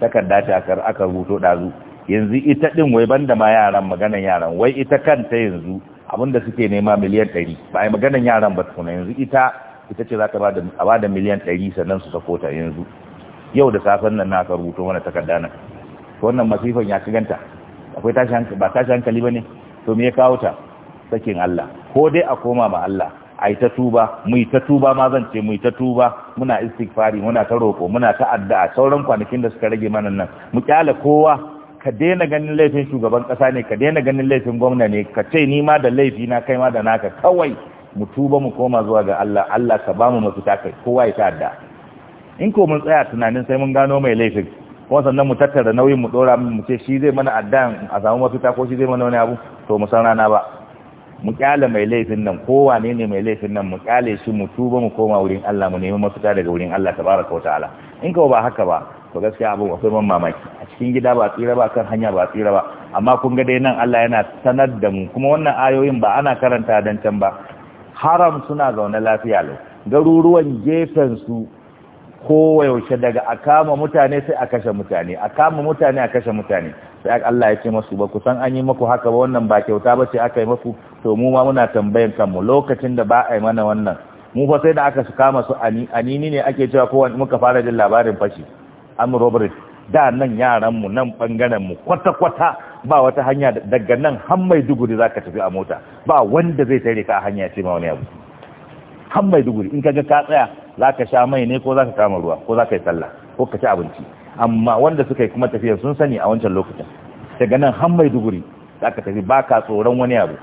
S1: takarda ce aka rubuto ɗazu yanzu ita din wai banda ma yaran maganan yaran wai ita kanta yanzu abinda suke nema miliyan ɗari, ba a maganan yaran ba tukuna yanzu ita ita ce za ta ba da miliyan 100 sannan su sako ta yanzu yau da safen nan na rubuto mana takarda nan wannan masifan ya kiganta akwai tashi hankali ba tashi hankali bane to me ya kawo ta sakin Allah ko dai a koma ma Allah ai ta tuba mu ta tuba ma zan ce mu ta tuba muna istighfari muna ta roko muna ta addu'a sauran kwanakin da suka rage mana nan mu kyale kowa ka daina ganin laifin shugaban kasa ne ka daina ganin laifin gwamna ne ka ce ni ma da laifi na kai ma da naka kawai mu tuba mu koma zuwa ga Allah Allah ka bamu mafita kai kowa ya ta'adda in ko mun tsaya tunanin sai mun gano mai laifin kuma sannan mu tattara nauyin mu dora mu ce shi zai mana addan a samu mafita ko shi zai mana wani abu to mu san rana ba mu kyale mai laifin nan kowa ne ne mai laifin nan mu kyale shi mu tuba mu koma wurin Allah mu nemi mafita daga wurin Allah tabaraka wa ta'ala in ko ba haka ba to gaskiya abin akwai man mamaki a cikin gida ba tsira ba kan hanya ba tsira ba amma kun ga dai nan Allah yana sanar da mu kuma wannan ayoyin ba ana karanta dan can ba haram suna zaune lafiya lau garuruwan gefen su yaushe daga a kama mutane sai a kashe mutane a kama mutane a kashe mutane sai Allah ya ce masu ba ku san an yi muku haka ba wannan ba kyauta ba ce aka yi maku to mu ma muna tambayan kanmu lokacin da ba a yi mana wannan mu fa sai da aka su kama su anini ne ake cewa ko muka fara jin labarin fashi am robert da nan yaranmu nan mu kwata-kwata ba wata hanya daga nan har mai duguri za ka tafi a mota ba wanda zai tare ka a hanya ce ma wani abu har mai duguri in kaga ka tsaya za ka sha mai ne ko za ka kama ruwa ko za ka yi sallah ko ka ci abinci amma wanda suka yi kuma tafiya sun sani a wancan lokacin daga nan har mai duguri za ka tafi ba ka tsoron wani abu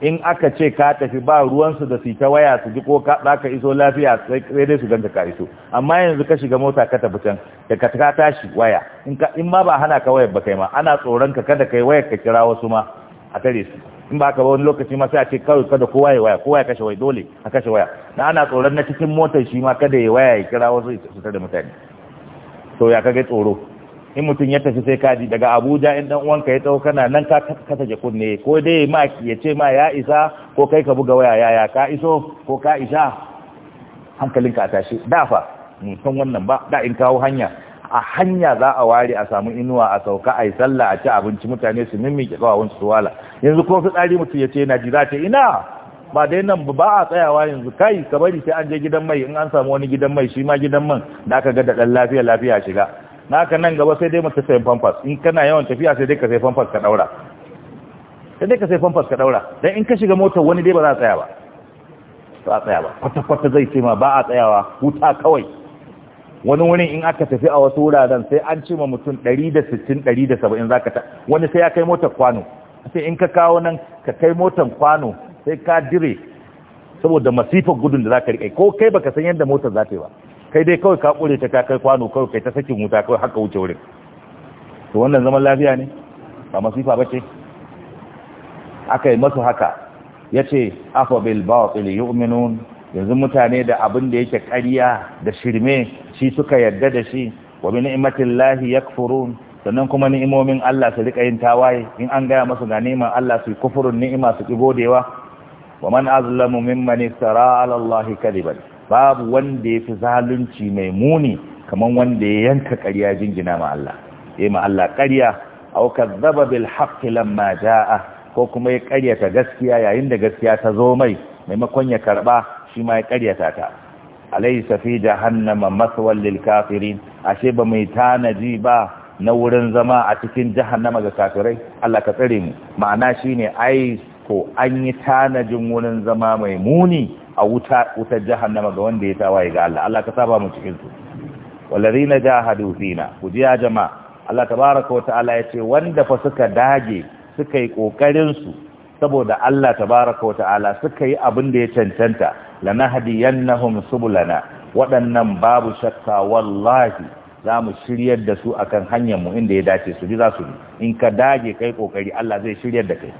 S1: in aka ce ka tafi ba ruwansu da su ta waya su ji ko ka ɗaka iso lafiya sai dai su ganta ka iso amma yanzu ka shiga mota ka tafi can da ka ta tashi waya in ma ba hana ka wayar ba kai ma ana tsoron ka kada kai wayar ka kira wasu ma a tare su in ba ka ba wani lokaci ma sai a ce kawai kada kowa ya waya kowa ya kashe waya dole a kashe waya na ana tsoron na cikin motar shi ma kada ya waya ya kira wasu su tare mutane to ya kage tsoro in mutum ya tafi sai kaji daga abuja in dan uwanka ya tsawo kana nan ka jakun kunne ko dai ma ya ce ma ya isa ko kai ka buga waya ya ka iso ko ka isa hankalinka a tashi dafa san wannan ba da in kawo hanya a hanya za a ware a samu inuwa a sauka a yi sallah a ci abinci mutane su mimmi ke kawo su wala yanzu ko su fitsari mutum ya ce na ji za ta ina ba dai nan ba a tsayawa yanzu kai ka bari sai an je gidan mai in an samu wani gidan mai shi ma gidan man da aka ga da dan lafiya lafiya shiga na haka nan gaba sai dai masu sayan famfas in kana yawan tafiya sai dai ka sai famfas ka daura sai dai ka sai famfas ka daura dan in ka shiga motar wani dai ba za a tsaya ba ba a tsaya ba kwata-kwata zai ce ma ba a tsayawa huta kawai wani wurin in aka tafi a wasu wuraren sai an ce ma mutum 160-170 za ta wani sai ya kai motar kwano sai in ka kawo nan ka kai motar kwano sai ka dire saboda masifar gudun da za ka riƙe ko kai baka san yadda motar za ta yi ba kai dai kawai ka kure ta ka kwano kawai kai ta sakin wuta kawai haka wuce wurin to wannan zaman lafiya ne ba masifa ba ce aka yi masu haka ya ce afabil batil yu'minun yanzu mutane da abin da yake ƙarya da shirme shi suka yarda da shi wa bi ni'matillahi yakfurun sannan kuma ni'imomin Allah su rika yin tawaye in an gaya masu ga ni'imar Allah su kufurun ni'ima su ki godewa wa man azlamu mimman istara ala Allah kadiban babu wanda ya fi zalunci mai muni kamar wanda ya yanka ƙarya jingina ma Allah ya ma Allah ƙarya au kazzaba bil haqqi lamma jaa ko kuma ya ta gaskiya yayin da gaskiya ta zo mai maimakon ya karɓa shi ma ya ƙarya ta alaysa fi jahannama maswal lil kafirin ashe ba mai tanaji ba na wurin zama a cikin jahannama ga kafirai Allah ka tsare mu ma'ana shine ai ko an yi tanajin wurin zama mai muni a wuta wutar jahannama ga wanda ya tawaye ga Allah Allah ka saba mu cikin su na jahadu fina ku ji ya jama'a Allah tabaraka wa ta'ala yace wanda fa suka dage suka yi kokarin su saboda Allah tabaraka wata'ala ta'ala suka yi abin da ya cancanta lanahdiyannahum subulana waɗannan babu shakka wallahi za mu shiryar da su akan hanyar mu inda ya dace su ji za su in ka dage kai kokari Allah zai shiryar da kai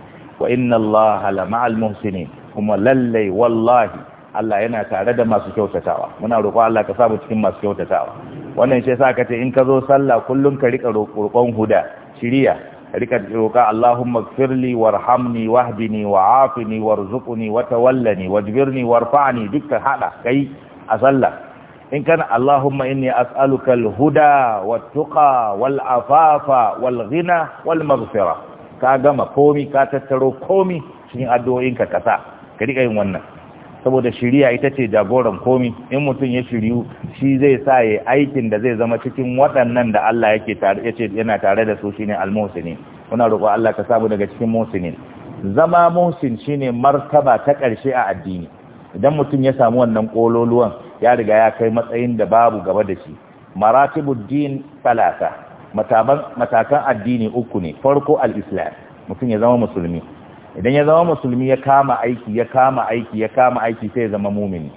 S1: wa inna Allah la ma'al muhsinin kuma lallai wallahi Allah yana tare da masu kyautatawa muna roƙo Allah ka samu cikin masu kyautatawa wannan shi yasa ka ce in ka zo sallah kullum ka rika roƙon huda shiriya rika roƙa Allahumma ighfirli warhamni wahdini wa'afini warzuqni watawallani wajbirni warfa'ni dukka hada kai a sallah in kana Allahumma inni as'aluka al-huda wat-tuqa wal-afafa wal-ghina wal-maghfira ka gama komi ka tattaro komi cikin addu'o'inka kasa ka riƙa yin wannan saboda shiriya ita ce jagoran komi in mutum ya shiryu shi zai sa ya aikin da zai zama cikin waɗannan da Allah yake tare yana tare da su shine al-muhsinin muna roƙo Allah ka samu daga cikin muhsinin zama musin shine martaba ta ƙarshe a addini idan mutum ya samu wannan kololuwan ya riga ya kai matsayin da babu gaba da shi maratibuddin talata matakan addini uku ne farko al-islam mutum ya zama musulmi idan ya zama musulmi ya kama aiki ya kama aiki ya kama aiki sai ya zama mumini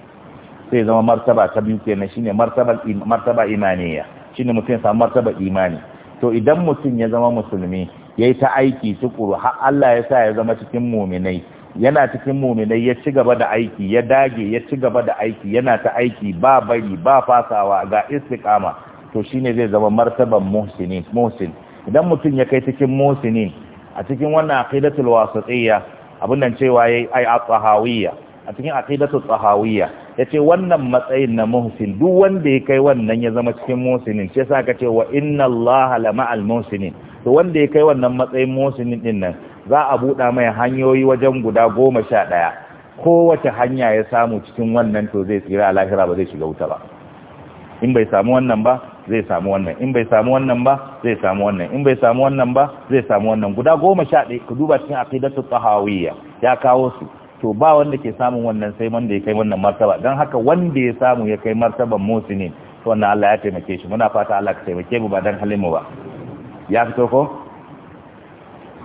S1: sai ya zama martaba ta biyu kenan shine martaba martaba imaniya shine mutum ya samu martaba imani to idan mutum ya zama musulmi yayi ta aiki tukuru har Allah ya sa ya zama cikin muminai yana cikin muminai ya ci gaba da aiki ya dage ya ci gaba da aiki yana ta aiki ba bari ba fasawa ga istiqama to shine zai zama martaban muhsinin muhsin idan mutum ya kai cikin muhsinin a cikin wannan aqidatul wasatiyya abin nan cewa yayi ai at-tahawiyya a cikin aqidatul tahawiyya yace wannan matsayin na muhsin duk wanda ya kai wannan ya zama cikin muhsinin sai saka ce wa inna allaha la ma'al muhsinin to wanda ya kai wannan matsayin muhsinin din nan za a buɗa mai hanyoyi wajen guda goma sha ɗaya kowace hanya ya samu cikin wannan to zai tsira lahira ba zai shiga wuta ba in bai samu wannan ba zai samu wannan in bai samu wannan ba zai samu wannan in bai samu wannan ba zai samu wannan guda goma sha ɗaya ku duba cikin aqidatu tahawiyya ya kawo su to ba wanda ke samun wannan sai wanda ya kai wannan martaba don haka wanda ya samu ya kai martaban musinin to wannan Allah ya taimake shi muna fata Allah ka taimake mu ba dan halimu mu ba ya fito ko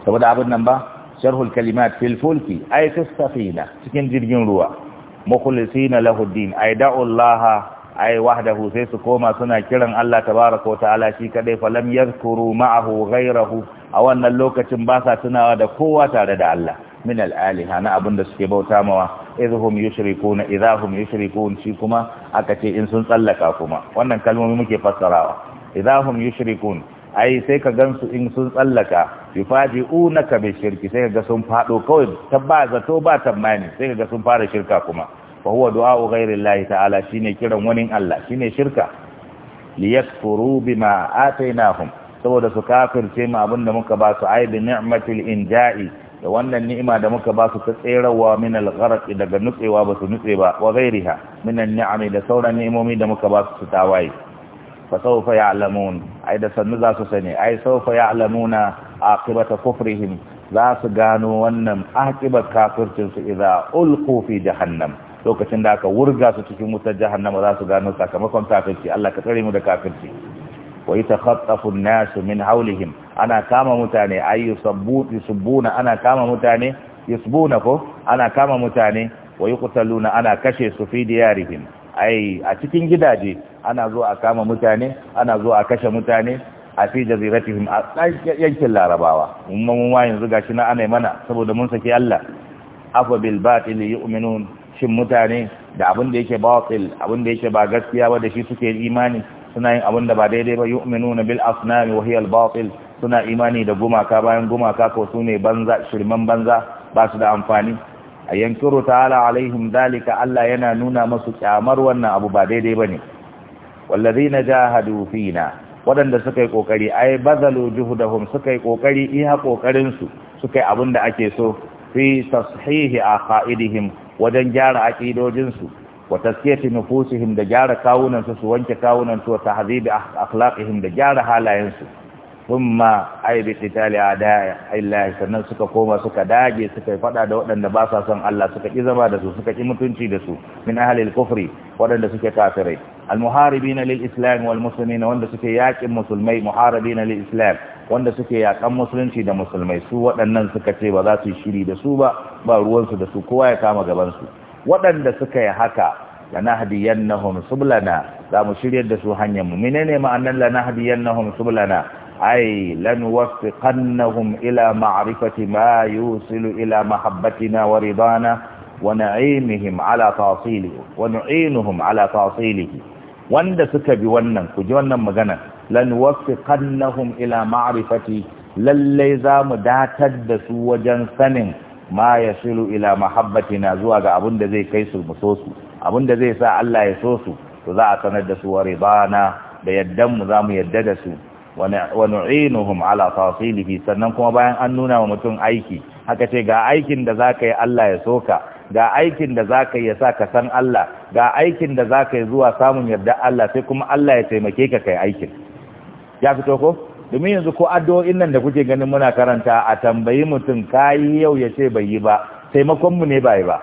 S1: saboda abin nan ba sharhul kalimat fil fulki ay safina cikin jirgin ruwa mukhlisina lahu din ayda'u da'u Allah ai wahdahu sai su koma suna kiran Allah tabaraka ta'ala shi kadai falam yadhkuru ma'ahu ghayrahu a wannan lokacin ba sa tunawa da kowa tare da Allah min al-aliha na abinda suke bauta mawa idhum yushrikuna idahum yushrikun shi kuma aka ce in sun tsallaka kuma wannan kalmomi muke fassarawa idahum yushrikun ai sai ka gansu in sun tsallaka yufaji'unaka bi shirki sai ka ga sun fado kawai tabba zato ba tamani sai ka ga sun fara shirka kuma fa huwa du'a'u ghairillahi ta'ala shine kiran wani Allah shine shirka liyakfuru bima atainahum saboda su kafirce mu abinda muka ba su ai bi ni'matil inja'i da wannan ni'ima da muka ba su ta tserawa min al-gharq daga nutsewa ba su nutse ba wa ghairiha min an-ni'ami da sauran ni'imomi da muka ba su su tawaye fa sawfa ya'lamun ai da sannu za su sani ai sawfa ya'lamuna aqibata kufrihim za su gano wannan aqibat kafircin su idza ulqu fi jahannam lokacin da aka wurga su cikin wutar jahannama za su gano sakamakon kafirci Allah ka tsare mu da kafirci wa yatakhattafu an-nasu min hawlihim ana kama mutane ayu sabbuti subuna ana kama mutane yasbuna ko ana kama mutane wa yuqtaluna ana kashe su fi diyarihim ai a cikin gidaje ana zo a kama mutane ana zo a kashe mutane a fi jaziratihim a yankin larabawa mun ma yanzu gashi na ana mana saboda mun saki Allah afa bil batil yu'minun shin mutane da abin da yake batil abin da yake ba gaskiya ba da shi suke imani suna yin abin da ba daidai ba yu'minuna bil asnami wa hiya al batil suna imani da gumaka bayan gumaka ko sune banza shirman banza ba su da amfani a yankiru ta'ala alaihim dalika Allah yana nuna masu kyamar wannan abu ba daidai bane wallazina jahadu fina wadanda suka yi kokari ai bazalu juhudahum suka yi kokari iya kokarin su suka yi abin da ake so fi tashihi aqaidihim wajen gyara aƙidojinsu wa tazkiyati nufusihim da gyara kawunan su su wanke kawunan su wa tahzibi akhlaqihim da gyara halayen su thumma ay qitali illahi sannan suka koma suka dage suka fada da waɗanda ba sa son Allah suka ki zama da su suka ki mutunci da su min ahlil kufri waɗanda suke kafirai al-muharibina lil-islam wal-muslimina wanda suke yaƙin musulmai muharibina lil-islam wanda suke yakan musulunci da musulmai su waɗannan suka ce ba za su shiri da su ba ba ruwansu da su kowa ya kama gabansu waɗanda suka yi haka lanahdiyannahum sublana za mu shiryar da su hanyar mu menene ma'anar lanahdiyannahum sublana ai lan wasiqannahum ila ma'rifati ma yusilu ila mahabbatina wa ridana wa na'imihim ala tasilihi wa nu'inuhum ala tasilihi wanda suka bi wannan ku ji wannan magana lanuwaffiqannahum ila ma'rifati lallai za mu datar da su wajen sanin ma yasilu ila mahabbatina zuwa ga abin da zai kai su su abin da zai sa Allah ya so su to za a sanar da su wa ribana da yaddan mu za mu yadda da su wa nu'inuhum ala tasilihi sannan kuma bayan an nuna wa mutum aiki haka ce ga aikin da zaka yi Allah ya soka ga aikin da zaka yi sa ka san Allah ga aikin da zaka yi zuwa samun yarda Allah sai kuma Allah ya taimake ka kai aikin ya fito ko domin yanzu ko addu'o'in nan da kuke ganin muna karanta a tambayi mutum kayi yau ya ce bai yi ba taimakon mu ne bai ba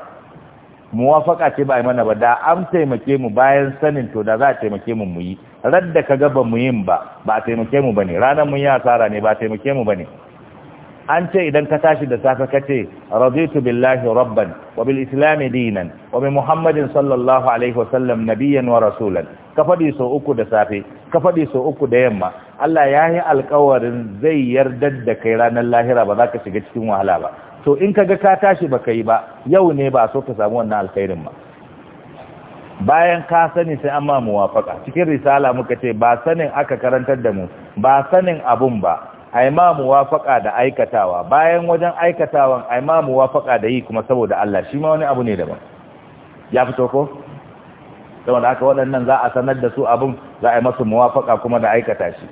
S1: muwafaka ce ba mana ba da an taimake mu bayan sanin to da za a taimake mu mu yi radda ka ga ba mu yin ba ba taimake mu bane ranar mun yi asara ne ba taimake mu bane an ce idan ka tashi da safe ka ce raditu billahi rabban wa bil islam dinan wa bi muhammadin sallallahu alaihi wa sallam nabiyyan wa rasulan ka fadi so uku da safe ka fadi so uku da yamma Allah ya yi alkawarin zai yarda da kai ranar lahira ba za ka shiga cikin wahala ba to in ka ga ka tashi ba ka yi ba yau ne ba so ka samu wannan alkhairin ba bayan ka sani sai an ma muwafaka cikin risala muka ce ba sanin aka karantar da mu ba sanin abun ba ai ma muwafaka da aikatawa bayan wajen aikatawan ai ma muwafaka da yi kuma saboda Allah shi ma wani abu ne daban ya fito ko saboda haka waɗannan za a sanar da su abun za a yi masu muwafaka kuma da aikata shi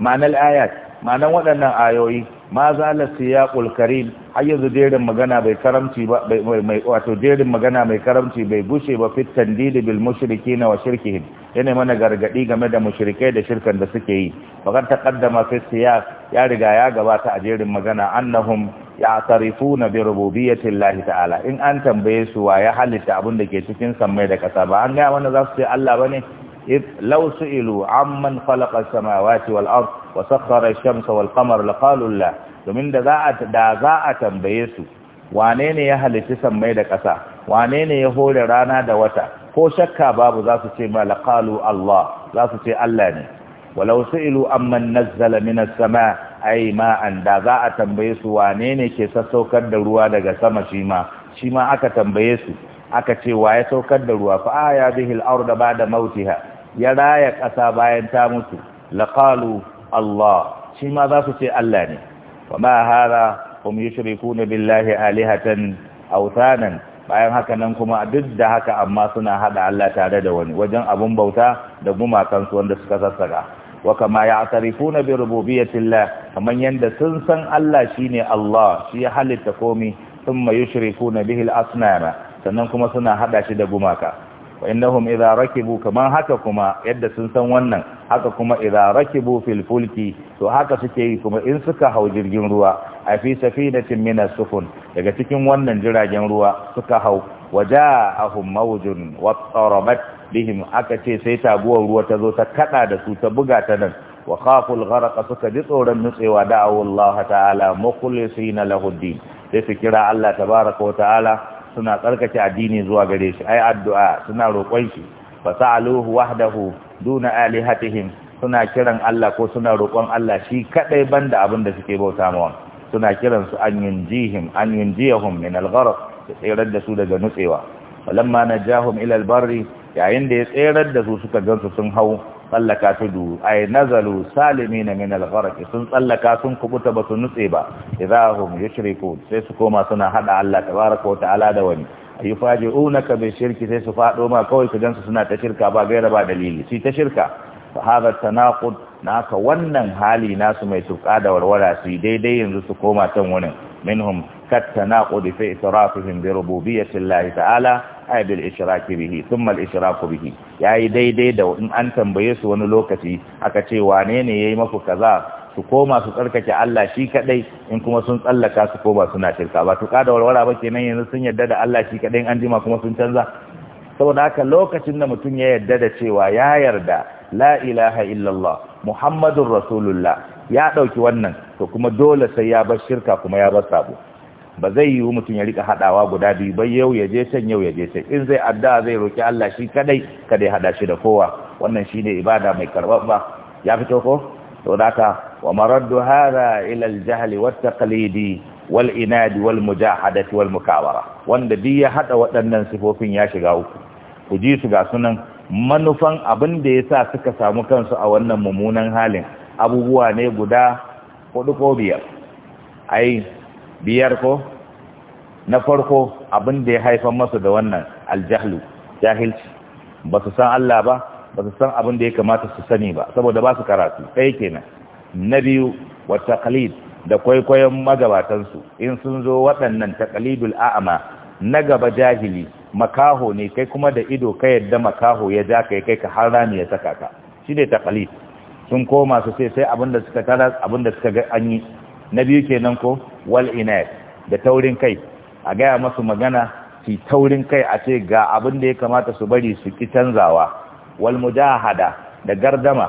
S1: ma'anar ayat ma'anar waɗannan ayoyi ma zala siyaqul karim har yanzu jerin magana bai karamci ba mai wato jerin magana mai karamci bai bushe ba fit tandidi bil mushrikeena wa shirkihim yana mana gargadi game da mushirikai da shirkan da suke yi faqad taqaddama fi siyaq ya riga ya gabata a jerin magana annahum ya'tarifuna bi rububiyyati Allah ta'ala in an tambaye su wa ya halitta abin da ke cikin samai da kasa ba an ga mana za su ce Allah bane إذ لو سئلوا عمن خلق السماوات والأرض وسخر الشمس والقمر domin da za a da tambaye su wane ne ya halitta sammai da ƙasa wane ne ya hore rana da wata ko shakka babu za ce ma laqalu Allah za ce Allah ne walau su'ilu amman nazzala minas sama ai ma an da za a tambaye su wane ne ke sassaukar da ruwa daga sama shi shima aka tambaye su aka ce wa ya saukar da ruwa fa aya bihil arda ba'da mautiha ya raya ƙasa bayan ta mutu laqalu Allah shi ma za su ce Allah ne wa ma hada hum yushrikuna billahi alihatan awthanan bayan haka nan kuma duk da haka amma suna haɗa Allah tare da wani wajen abun bauta da gumakan su wanda suka sassaka wa kama ya'tarifuna bi rububiyyatillah kamar yadda sun san Allah shine Allah shi ya halitta komai thumma yushrikuna bihi al-asnama sannan kuma suna haɗa shi da gumaka wa innahum idza rakibu kaman haka kuma yadda sun san wannan haka kuma idza rakibu fil fulki to haka suke yi kuma in suka hau jirgin ruwa a fi safinatin min as-sufun daga cikin wannan jiragen ruwa suka hau waja'ahum mawjun wa tarabat bihim aka ce sai taguwar ruwa ta zo ta kada da su ta buga ta nan wa khafu al-gharq suka ji tsoron nutsewa da'awu Allah ta'ala mukhlisina lahu din sai su kira Allah tabaaraka wa ta'ala suna tsarkake addini zuwa gare shi ai addu'a suna roƙon shi fa sa'aluhu wahdahu duna alihatihim suna kiran Allah ko suna roƙon Allah shi kadai banda abin da suke bauta mawa suna kiran su an yunjihim an yunjihum min al-gharq ya da su daga nutsewa falamma najahum ila al-barri yayin da ya tsirar da su suka gansu sun hau tsallaka tudu ay nazalu salimina min al-gharq sun tsallaka sun kubuta ba su nutse ba idahum yushriku sai su koma suna hada Allah tabaraka wa ta'ala da wani yufaji'unaka bi shirki sai su fado ma kawai su gansu suna ta shirka ba gaira ba dalili sai ta shirka fa hadha tanaqud naka wannan hali nasu mai tuka da warwara su daidai yanzu su koma can wani. minhum kat tanaqud fi israfihim bi rububiyyati Allah ta'ala ay bil ishraki bihi thumma al ishraku bihi yayi daidai da in an tambaye su wani lokaci aka ce wane ne yayi maku kaza su koma su tsarkake Allah shi kadai in kuma sun tsallaka su koma suna shirka ba tuka kada warwara ba kenan yanzu sun yarda da Allah shi kadai an jima kuma sun canza saboda haka lokacin da mutum ya yarda da cewa ya yarda la ilaha illallah muhammadur rasulullah ya dauki wannan to kuma dole sai ya bar shirka kuma ya bar sabo ba zai yi mutum ya rika haɗawa guda biyu ba yau ya je can yau ya je can in zai addu'a zai roki Allah shi kadai kada ya hada shi da kowa wannan shine ibada mai karbabba ya fito ko to daka wa maraddu hada ila al-jahl wa taqlidi wal inad wal mujahadati wal mukawara wanda bi ya hada waɗannan sifofin ya shiga uku ku ji su ga sunan manufan abin da yasa suka samu kansu a wannan mummunan halin abubuwa ne guda hudu ko biyar ai biyar ko na farko abin da ya haifar masu da wannan aljahlu jahilci ba su san Allah ba ba su san abin da ya kamata su sani ba saboda ba su karatu ɗaya kenan na biyu wa taqlid da kwaikwayon magabatansu in sun zo waɗannan taqlidul a'ama na gaba jahili makaho ne kai kuma da ido ka yadda makaho ya ja kai kai ka har rami ya saka ka shi ne taqlid sun koma su sai sai abin da suka taras abin da suka ga an yi na biyu kenan ko wal inad da taurin kai a gaya masu magana fi taurin kai a ce ga abin da ya kamata su bari su ki canzawa wal mujahada da gardama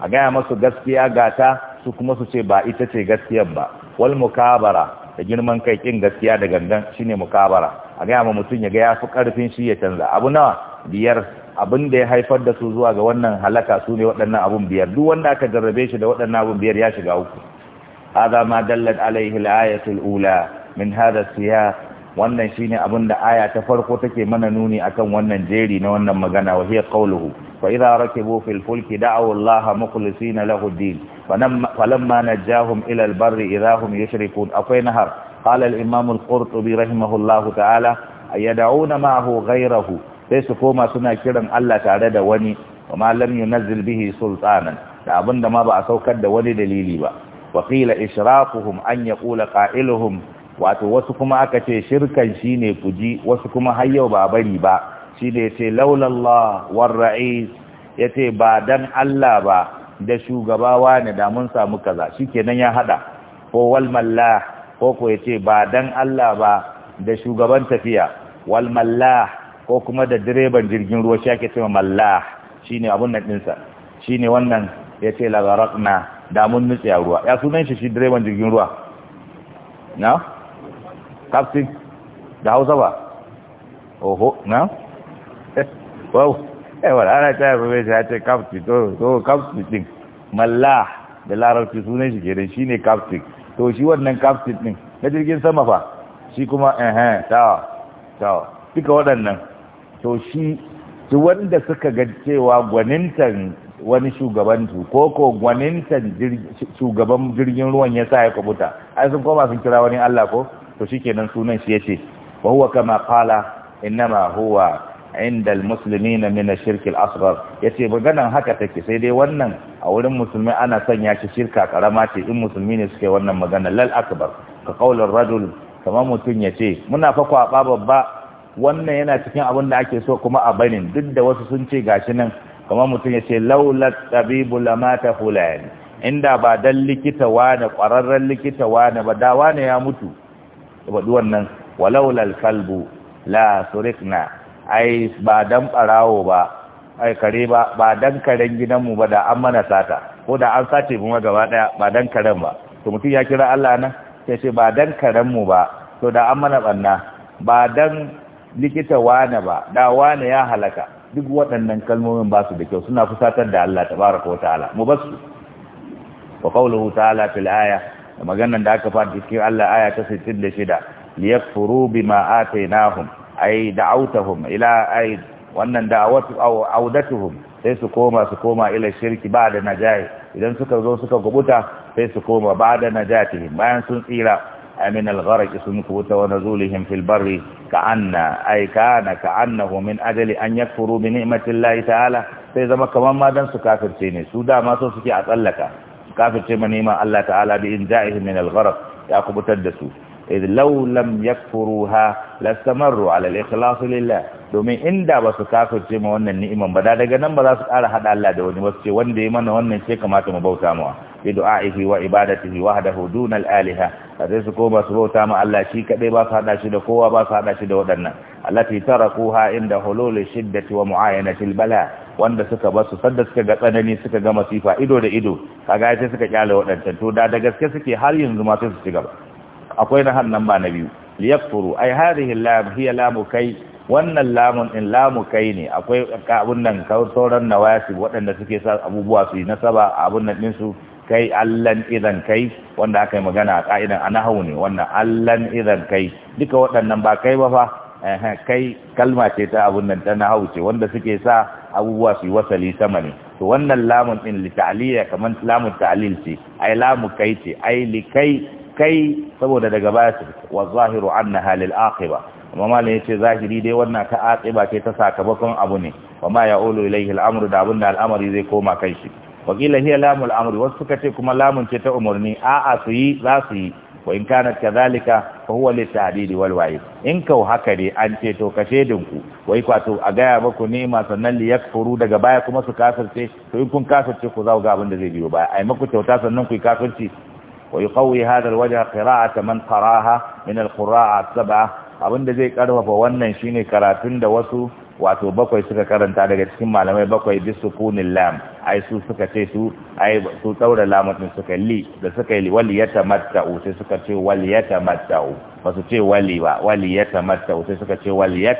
S1: a gaya masu gaskiya gata su kuma su ce ba ita ce gaskiyan ba wal mukabara da girman kai kin gaskiya da gangan shine mukabara a gaya ma mutum ya ga ya fi karfin shi ya canza abu nawa biyar abin da ya haifar da su zuwa ga wannan halaka su ne waɗannan abun biyar duk wanda aka jarrabe shi da waɗannan abun biyar ya shiga uku هذا ما دلت عليه الآية الأولى من هذا السياق wannan shine abin da aya ta farko take mana nuni akan wannan jeri na wannan magana wa hiya qawluhu fa idha rakibu fil fulki da'u Allah mukhlisina lahu ad-din falamma najahum ila al-barri idha hum yushrikun akwai nahar qala al-imam al-qurtubi rahimahullahu ta'ala ayad'una ma'ahu ghayrahu sai su koma suna kiran Allah tare da wani wa ma lam yunazzil bihi sultanan da abinda ma ba a saukar da wani dalili ba wa qila ishraquhum an yaqula qailuhum wato wasu kuma aka ce shirkan shine kuji wasu kuma har yau ba bari ba shine ce laulallah war ra'is yace ba dan Allah ba da shugabawa ne da mun samu kaza shikenan ya hada ko wal mallah ko ko yace ba dan Allah ba da shugaban tafiya wal mallah ko kuma da direban jirgin ruwa shi ake cewa mallah shine abun nan dinsa shine wannan yace la gharaqna da mun nutse a ruwa ya sunan shi shi direban jirgin ruwa na captain da hausa ba oho na wow yawan eh, ana ta yafi mai ya ce captain to to captain din malla da larabci sunan shi kenan shi ne captain to shi wannan captain din na jirgin sama fa shi kuma ehem eh, tawa tawa duka waɗannan to shi wanda suka ga cewa gwanintan wani shugaban su ko ko shugaban jirgin ruwan ya sa ya kubuta ai sun koma sun kira wani Allah ko to shikenan sunan shi yace wa huwa kama qala innama huwa inda almuslimina min ash-shirk al-asghar yace maganan haka take sai dai wannan a wurin musulmai ana sanya shi shirka karama ce in musulmi ne suke wannan magana lal akbar ka qaular rajul kamar mutun yace muna fa kwaba babba wannan yana cikin abin da ake so kuma a banin duk da wasu sun ce gashi nan kamar mutum ya ce laulat tabibu lamata fulani inda ba dan likita wane ƙwararren likita wane ba da wane ya mutu baɗi wannan walaulal kalbu la surikna ai ba dan ɓarawo ba ai kare ba ba dan karen gidanmu ba da an mana sata ko da an sace mu gaba ɗaya ba dan karen ba to mutum ya kira Allah nan sai ce ba dan karenmu ba to da an mana ɓanna ba dan likita wane ba da wane ya halaka duk waɗannan kalmomin ba su da kyau suna fusatar da Allah tabaraka wa ta'ala mu basu wa qawluhu ta'ala fil aya da maganar da aka fara cikin Allah aya ta 66 liyakfuru bima atainahum ay da'awtahum ila ai wannan da'awatu aw audatuhum sai su koma su koma ila shirki ba da najahi idan suka zo suka gubuta sai su koma ba da najatihim bayan sun tsira من الغرق سنكوت ونزولهم في البر كأن أي كان كأنه من أجل أن يكفروا بنعمة الله تعالى سيزم كمان ما دنسوا كافر تيني سودا ما سوسكي أتألك كافر تيما نيما الله تعالى بإنزائهم من الغرق يأقب تدسوا إذ لو لم يكفروها لاستمروا على الإخلاص لله domin inda ba su kafirce ma wannan ni'iman ba da daga nan ba za su ƙara haɗa Allah da wani wasu ce wanda ya mana wannan ce kamata mu bauta mawa bi du'a'ihi wa ibadatihi wahdahu duna al-aliha sai su koma su bauta ma Allah shi kaɗai ba su hada shi da kowa ba su hada shi da waɗannan allati tarakuha inda hululi shiddati wa mu'ayanati al-bala wanda suka basu sanda suka ga tsanani suka ga masifa ido da ido kaga sai suka kyale waɗancan to da da gaske suke har yanzu ma sai su ci gaba akwai na hannan ba na biyu liyakfuru ai hadhihi lam hiya lamu kai wannan lamun in lamu kai ne akwai abun nan sauran nawasi waɗanda suke sa abubuwa su yi nasaba a abun nan kai allan idan kai wanda aka yi magana a ka'idan a hau ne wannan allan idan kai duka waɗannan ba kai ba fa kai kalma ce ta abun nan ta hau ce wanda suke sa abubuwa su yi wasali sama ne to wannan lamun ɗin li kamar lamun ta'lil ce ai lamu kai ce ai li kai kai saboda daga baya su wa zahiru annaha lil aqiba amma malam yace zahiri dai wannan ta aqiba ce ta sakamakon abu ne wa ma ya'ulu ilayhi al-amru da abin da al'amari zai koma kai shi wakila hiya lamul amri wasu suka ce kuma lamun ce ta umarni a'a su yi za su yi wa in kana kadhalika fa huwa litahdidi wal wa'id in kau haka ne an ce to kashe dinku wai kwato a gaya muku nema sannan li yakfuru daga baya kuma su kafirce to in kun kafirce ku za ku ga abin da zai biyo baya ai muku kyauta sannan ku kafirci wa yuqawi hadha al wajh qira'ata man faraha min al qura'a sab'a abin da zai karfafa wannan shine karatun da wasu wato bakwai suka karanta daga cikin malamai bakwai bi su kunin lam ai su suka ce su ai su daura lamatin suka li da suka yi wali ya tamatta'u sai suka ce wali ya u. ba su ce wali ba wali ya tamatta'u sai suka ce wali ya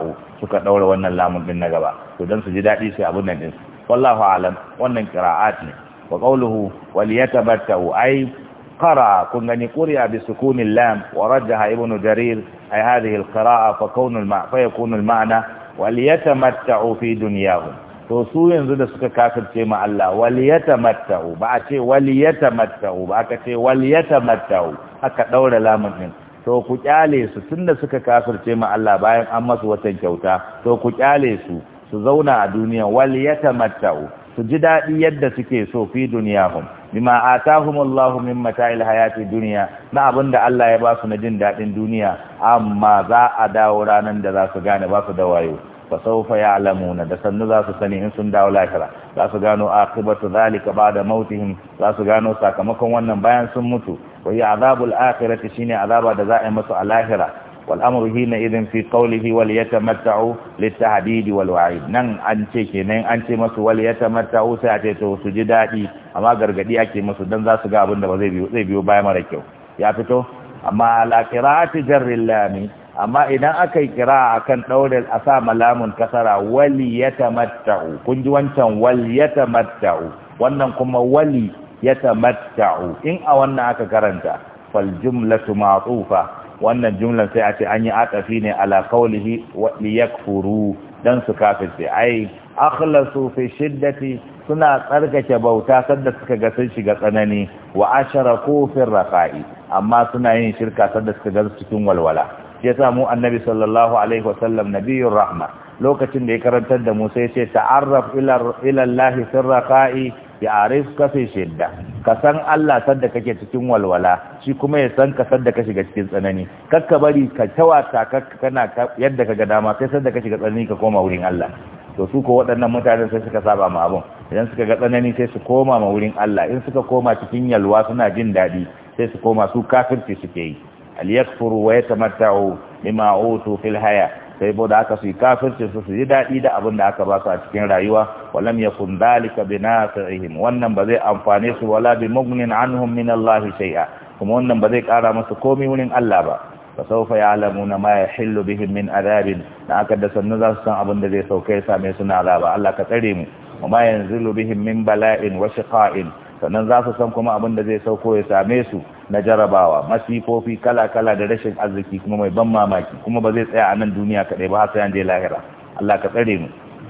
S1: u. suka daura wannan lamun din na gaba to dan su ji dadi sai abun nan din wallahu alam wannan qira'at ne wa qawluhu wali ya tamatta'u ai bi قرأ كنا نقرأ بسكون اللام ورجح ابن جرير أي هذه القراءة فكون الم... فيكون المعنى wal yatamatta'u fi dunyahum to su yanzu da suka kafirce ma Allah wal yatamatta'u ba a ce wal yatamatta'u ba aka ce wal yatamatta'u aka daura lamun din to ku kyale su tunda suka kafirce ma Allah bayan an masu watan kyauta to ku kyale su su zauna a duniya wal yatamatta'u su ji dadi yadda suke so fi dunyahum bima atahumullahu min mata'il hayati dunya na da Allah ya ba su na jin dadin duniya amma za a dawo ranan da za su gane ba su da wayo fa sawfa ya'lamuna da sannu za su sani in sun dawo lahira za su gano akibatu zalika ba'da mautihim za su gano sakamakon wannan bayan sun mutu wa azabul akhirati shine azaba da za a yi musu a lahira والأمر حينئذ في قوله وليتمتعوا للتهديد والوعيد نن أنتي كنن أنتي مس وليتمتعوا ساتيتو سجدادي أما غرغدي أكي مس دن ذا سغا أبن دبا زي بيو زي بيو باي مرا كيو يا فتو أما على قراءة جر اللام أما إذا أكي قراءة كان دور الأسام لام كسرة وليتمتعوا كنجي وانشان وليتمتعوا wannan kuma wali yatamatta'u in a wannan aka karanta fal jumlatu ma'tufa wannan jumlan sai a ce an yi atafi ne ala qawlihi wa liyakfuru dan su kafirce ai akhlasu fi shiddati suna tsarkake bauta sadda suka ga sun shiga tsanani wa asharaku kofin rafa'i amma suna yin shirka sadda suka ga cikin walwala yasa mu annabi sallallahu alaihi wasallam rahma lokacin da ya karantar da musa ya ce ta'arraf ila Allah sirraqai ya'rifka fi shidda ka san Allah sanda kake cikin walwala shi kuma ya san ka sanda ka shiga cikin tsanani kakka bari ka tawata kana yadda kaga dama sai sanda ka shiga tsanani ka koma wurin Allah to su ko waɗannan mutanen sai suka saba ma abun idan suka ga tsanani sai su koma ma wurin Allah in suka koma cikin yalwa suna jin daɗi sai su koma su kafirci suke yi al yakfuru wa yatamatta'u bima utu fil haya sai bo da aka su kafin kafircin su su yi daɗi da abin da aka ba su a cikin rayuwa walam yakun dalika binafi'ihim wannan ba zai amfane su wala bi mughnin anhum min Allah shay'a kuma wannan ba zai kara musu komai wurin Allah ba fasaufa ya'lamuna ma yahillu bihim min adabin da aka da sannu za su san abin da zai sauke same su na azaba Allah ka tsare mu wa ma yanzilu bihim min bala'in wa shiqa'in sannan za su san kuma abin da zai sauko ya same su na jarabawa masifofi kala-kala da rashin arziki kuma mai ban mamaki kuma ba zai tsaya a nan duniya kaɗai ba har sai an je lahira Allah ka tsare mu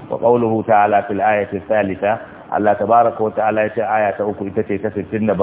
S1: wa qawluhu ta'ala fil ayati thalitha Allah ta wa ta'ala ya ce aya ta uku ita ce ta 67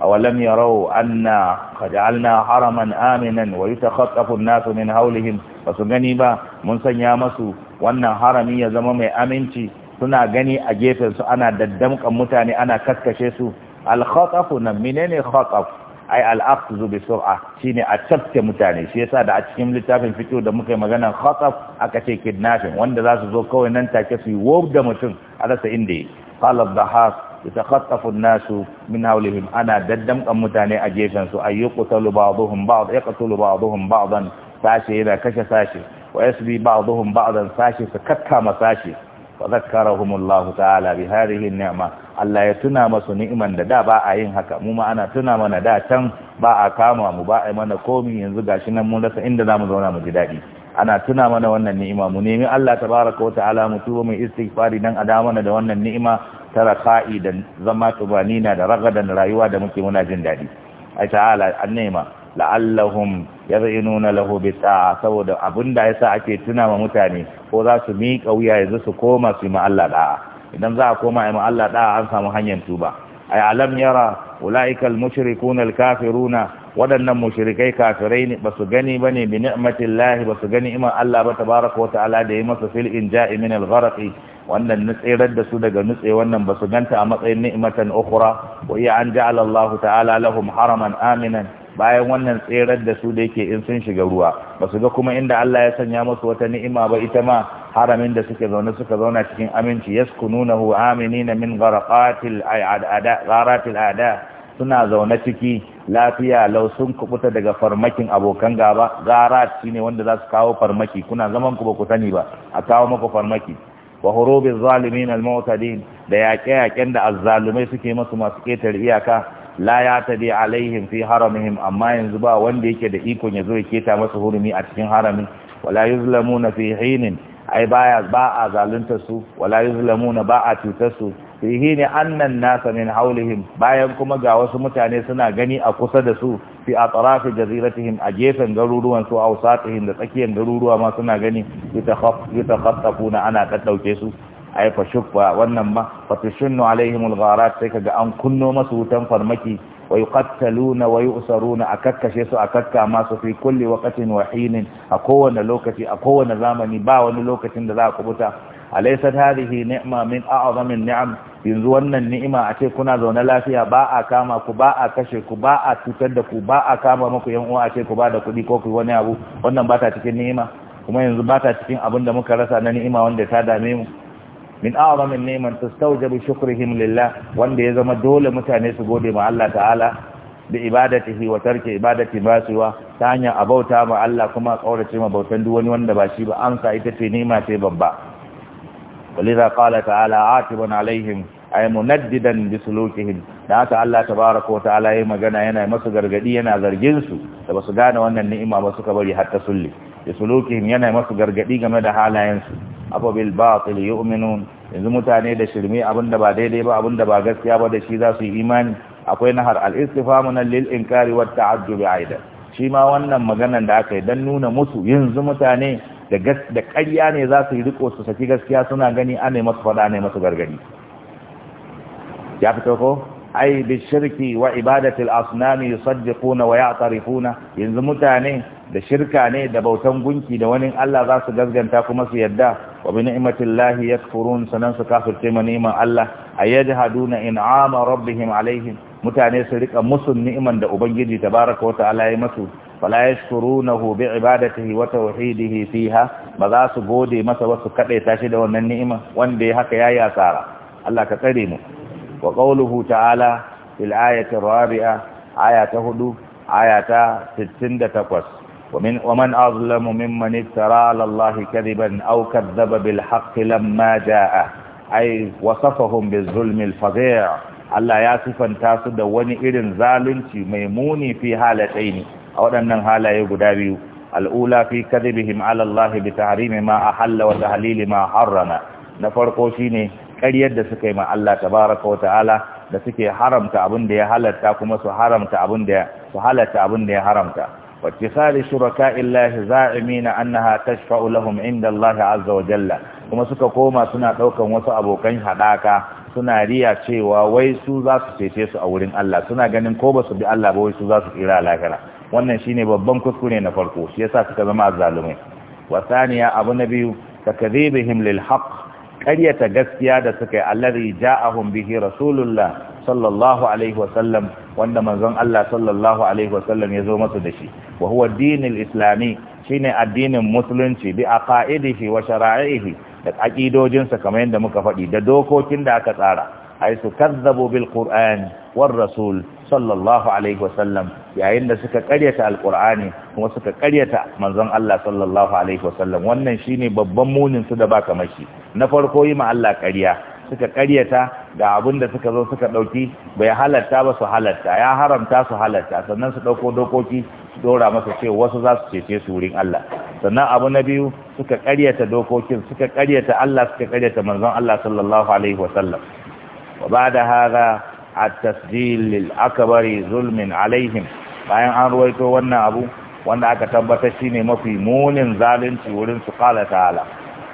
S1: awalam yarau anna ja'alna haraman aminan wa yatakhatafu an-nasu min hawlihim basu gani ba mun sanya masu wannan harami ya zama mai aminci suna gani a gefen su ana daddamkan mutane ana kaskashe su al-khatafu nan minene khataf ai al-akhdhu bi sur'a shine a tafke mutane shi yasa da a cikin littafin fito da muka yi magana khataf aka ce kidnapping wanda za su zo kawai nan take su yi da mutum a rasa inda yake qala dhahas yatakhatafu an-nasu min hawlihim ana daddamkan mutane a gefen su yuqtalu ba'dhum ba'd yaqtalu ba'dhum ba'dan sashi yana kashe sashi wa yasbi ba'dhum ba'dan sashi su kakkama sashi fadhakkarahumullahu ta'ala bi hadhihi ni'ma Allah ya tuna masu ni'iman da da ba a yin haka mu ma ana tuna mana da can ba a kama mu ba a mana komi yanzu gashi nan mun rasa inda zamu zauna mu ji dadi ana tuna mana wannan ni'ima mu nemi Allah tabaraka wataala mu tuba mu istighfari dan a da mana da wannan ni'ima Ta ka'i da zama na da ragadan rayuwa da muke muna jin dadi ai ta'ala annema la'allahum yad'inuna lahu bi'a saboda abinda yasa ake tuna ma mutane ko za su miƙa wuya yanzu su koma su yi ma da'a idan za a koma yi ma Allah an samu hanyar tuba ay alam yara ulaika almushrikun kafiruna, waɗannan mushrikai kafirai ne basu gani bane bi ni'matillahi basu gani iman Allah ba tabaraka wa ta'ala da yi masa fil inja'i min algharqi wannan nutserar da su daga nutse wannan su ganta a matsayin ni'matan ukhra wa iya an ja'ala Allah ta'ala lahum haraman aminan bayan wannan tserar da su da yake in sun shiga ruwa ba su ga kuma inda Allah ya sanya musu wata ni'ima ba ita ma haramin da suke zaune suka zauna cikin aminci yaskununahu aminina min gharqatil a'da gharatil a'da suna zaune ciki lafiya law sun kubuta daga farmakin abokan gaba gara shine wanda za su kawo farmaki kuna zaman ku ba ku sani ba a kawo maku farmaki wa hurubiz zalimin al-mu'tadin da yaƙe-yaƙen da azzalumai suke masu masu ƙetare iyaka la ya dai alaihim fi haramihim amma yanzu ba wanda yake da ikon ya zo ya keta masa hurumi a cikin harami wala yuzlamuna fi hinin ai baya ba a zalunta su wala yuzlamuna ba a cutar su fi hinin annan nasa min haulihim bayan kuma ga wasu mutane suna gani a kusa da su fi atrafi jaziratihim a gefen garuruwan su ausatihim da tsakiyar garuruwa ma suna gani yatakhaffafuna ana daddauke su ai fa shuffa wannan ma fa tushunnu alaihim algharat sai kaga an kunno masu wutan farmaki wa yuqattaluna wa yu'saruna akakkashe su akakka masu fi kulli waqtin wa hinin a kowane lokaci a kowane zamani ba wani lokacin da za ku buta alaysat hadhihi ni'ma min a'zamin ni'am yanzu wannan ni'ima a ce kuna zaune lafiya ba a kama ku ba a kashe ku ba a cutar da ku ba a kama muku yan uwa a ce ku ba da kuɗi ko ku wani abu wannan ba ta cikin ni'ima kuma yanzu ba ta cikin abin da muka rasa na ni'ima wanda ta dame mu min a'zamin ni'man tastawjabu shukrihim lillah wanda ya zama dole mutane su gode ma Allah ta'ala da ibadatihi wa tarki ibadati ma siwa ta hanyar abauta ma Allah kuma kaurace ma bautan duk wani wanda ba shi ba amsa ita ce nima sai babba walidha qala ta'ala atiban alaihim ay munaddidan bi sulukihim da haka Allah tabaaraka wa ta'ala yayi magana yana masu gargadi yana zargin su da basu gane wannan ni'ima ba suka bari hatta sulli bi sulukihim yana masu gargadi game da halayen su afa bil batil yu'minun yanzu mutane da shirme abinda ba daidai ba abinda ba gaskiya ba da shi za su yi imani akwai nahar al-istifamu nan lil inkari wat ta'ajjub aida shi ma wannan maganan da aka yi dan nuna musu yanzu mutane da da ƙarya ne za su yi riko su saki gaskiya suna gani ana masu fada ne masu gargadi ya fito ko ai bi shirki wa ibadatil asnami yusaddiquna wa ya'tarifuna yanzu mutane da shirka ne da bautan gunki da wani Allah za su gazganta kuma su yadda wa bi ni'matillahi yakfurun sanan su kafirce ma ni'man Allah ayajhaduna in'ama rabbihim alaihim mutane su rika musu ni'man da ubangiji tabaraka wa ta'ala ya masu wala yashkurunahu bi ibadatihi wa tauhidihi fiha ba za su gode masa ba su kade tashi da wannan ni'ima wanda ya haka yayi asara Allah ka tsare mu wa qawluhu ta'ala fil ayati rabi'a aya ta 4 aya ta 68 ومن ومن أظلم ممن افترى على الله كذبا أو كذب بالحق لما جاءه أي وصفهم بالظلم الفظيع allah ya صفن su da wani irin zalunci mai muni fi halataini a waɗannan halaye guda biyu al'ula fi kadhibihim ala Allah bi tahrimi ma ahalla wa tahlili ma harrama na farko shine ƙaryar da suka yi ma Allah tabaraka wa ta'ala da suke haramta abin da ya halatta kuma su haramta abin da ya haramta واتخاذ شركاء الله زاعمين أنها تشفع لهم عند الله عز وجل kuma suka koma suna ɗaukan wasu abokan haɗaka suna riya cewa wai su za su cece su a wurin Allah suna ganin ko ba su bi Allah ba wai su za su tsira lahira wannan shine babban kuskure na farko shi yasa suka zama azzalumai wa thaniya abu na biyu takdhibihim lil haqq ƙaryata gaskiya da suka yi allari ja'ahum bihi rasulullah sallallahu alaihi wasallam wanda manzon Allah sallallahu alaihi wasallam ya zo masu da shi wa huwa dinul islami shine addinin musulunci bi aqaidihi wa shara'ihi da aqidojinsa kamar da muka faɗi da dokokin da aka tsara ai su kazzabu bil qur'an war rasul sallallahu alaihi wasallam yayin da suka karyata alkur'ani kuma suka karyata manzon Allah sallallahu alaihi wasallam wannan shine babban munin su da ba kamar shi na farko yi ma Allah karya suka karyata ga abinda da suka zo suka dauki bai halatta ba su halatta ya haramta su halatta sannan su dauko dokoki su dora masa ce wasu za su cece su wurin Allah sannan abu na biyu suka karyata dokokin suka karyata Allah suka karyata manzon Allah sallallahu alaihi wasallam wa ba da hara. a tasjil lil akbari zulmin alaihim bayan an ruwaito wannan abu wanda aka tabbatar shine mafi munin zalunci wurin su qala ta'ala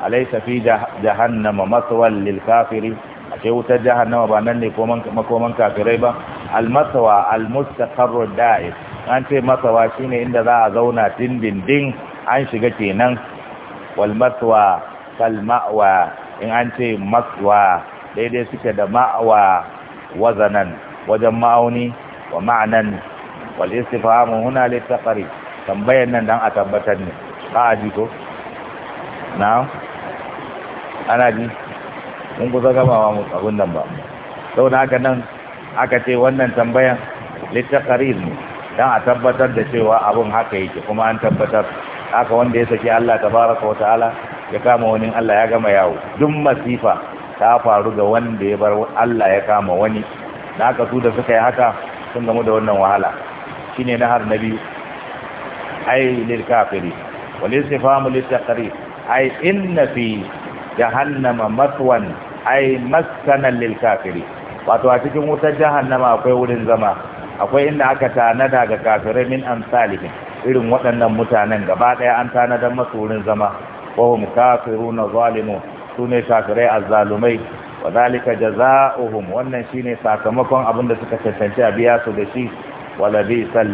S1: alaysa fi jahannama maswal lil kafiri ashe wutar jahannama ba nan ne makoman kafirai ba al-maswa al-mustaqarru an ce masawa shine inda za a zauna dindindin an shiga kenan wal maswa kal in an ce maswa daidai suke da ma'wa wazanan wajen ma'auni wa ma'anan wal istifhamu huna lit taqrib tambayan nan dan a tabbatar ne ba a ji ko na ana ji mun kusa gamawa mu abun nan ba sau da haka nan aka ce wannan tambayan littakarir ne dan a tabbatar da cewa abun haka yake kuma an tabbatar haka wanda ya saki Allah tabaraka wa ta'ala ya kama wani Allah ya gama yawo duk masifa ta faru ga wanda ya bar Allah ya kama wani da aka su da suka yi haka sun gamu da wannan wahala Shi shine na har biyu. ai lil kafiri wal istifhamu lit ai inna fi jahannama matuwan ai maskanan lil kafiri wato a cikin wutar jahannama akwai wurin zama akwai inda aka tanada ga kafirai min salihin irin waɗannan mutanen gaba ɗaya an tanadar masu wurin zama Ko kafiru na zalimu sune kafirai azzalumai wa zalika jazaohum wannan shine sakamakon abin da suka tantance a biya su da shi wala bisal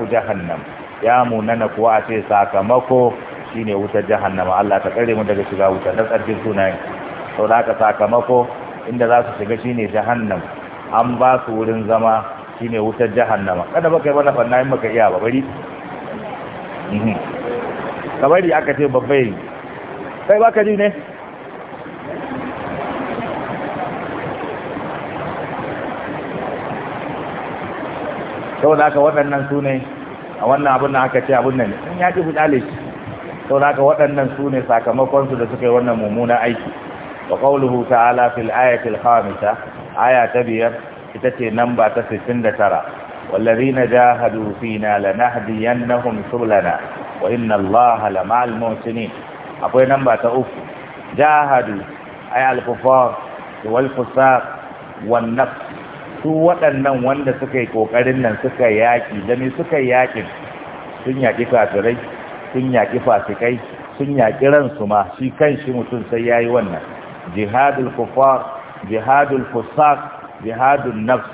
S1: u jahannam ya munana kuwa a ce sakamako shine wutar ma Allah ta kare mu daga shiga wutar da tsarkin sunayen sau da aka sakamako inda za su shiga shine jahannam an ba su wurin zama shine wutar jahannama kada baka yi mana fanna in baka iya ba bari mhm. kabari aka ce babbai kai baka ji ne sau da aka waɗannan su ne a wannan abin da aka ce abin nan ne in ya ci fitale shi sau da aka waɗannan su ne sakamakonsu da suka yi wannan mummunan aiki wa qawluhu ta'ala fil ayati al aya ta biyar ita ce namba ta 69 wallazina jahadu fina lanahdiyannahum subulana wa inna allaha lamal muhsinin akwai namba ta uku jahadu ay al-kufar wal fusaq wan nafs su waɗannan wanda suka yi ƙoƙarin nan suka yaƙi da me suka yaƙin sun yaƙi kafirai sun yaƙi fasikai sun yaƙi ransu ma shi kan shi mutum sai ya yi wannan jihadul kufar jihadul fusak jihadul nafs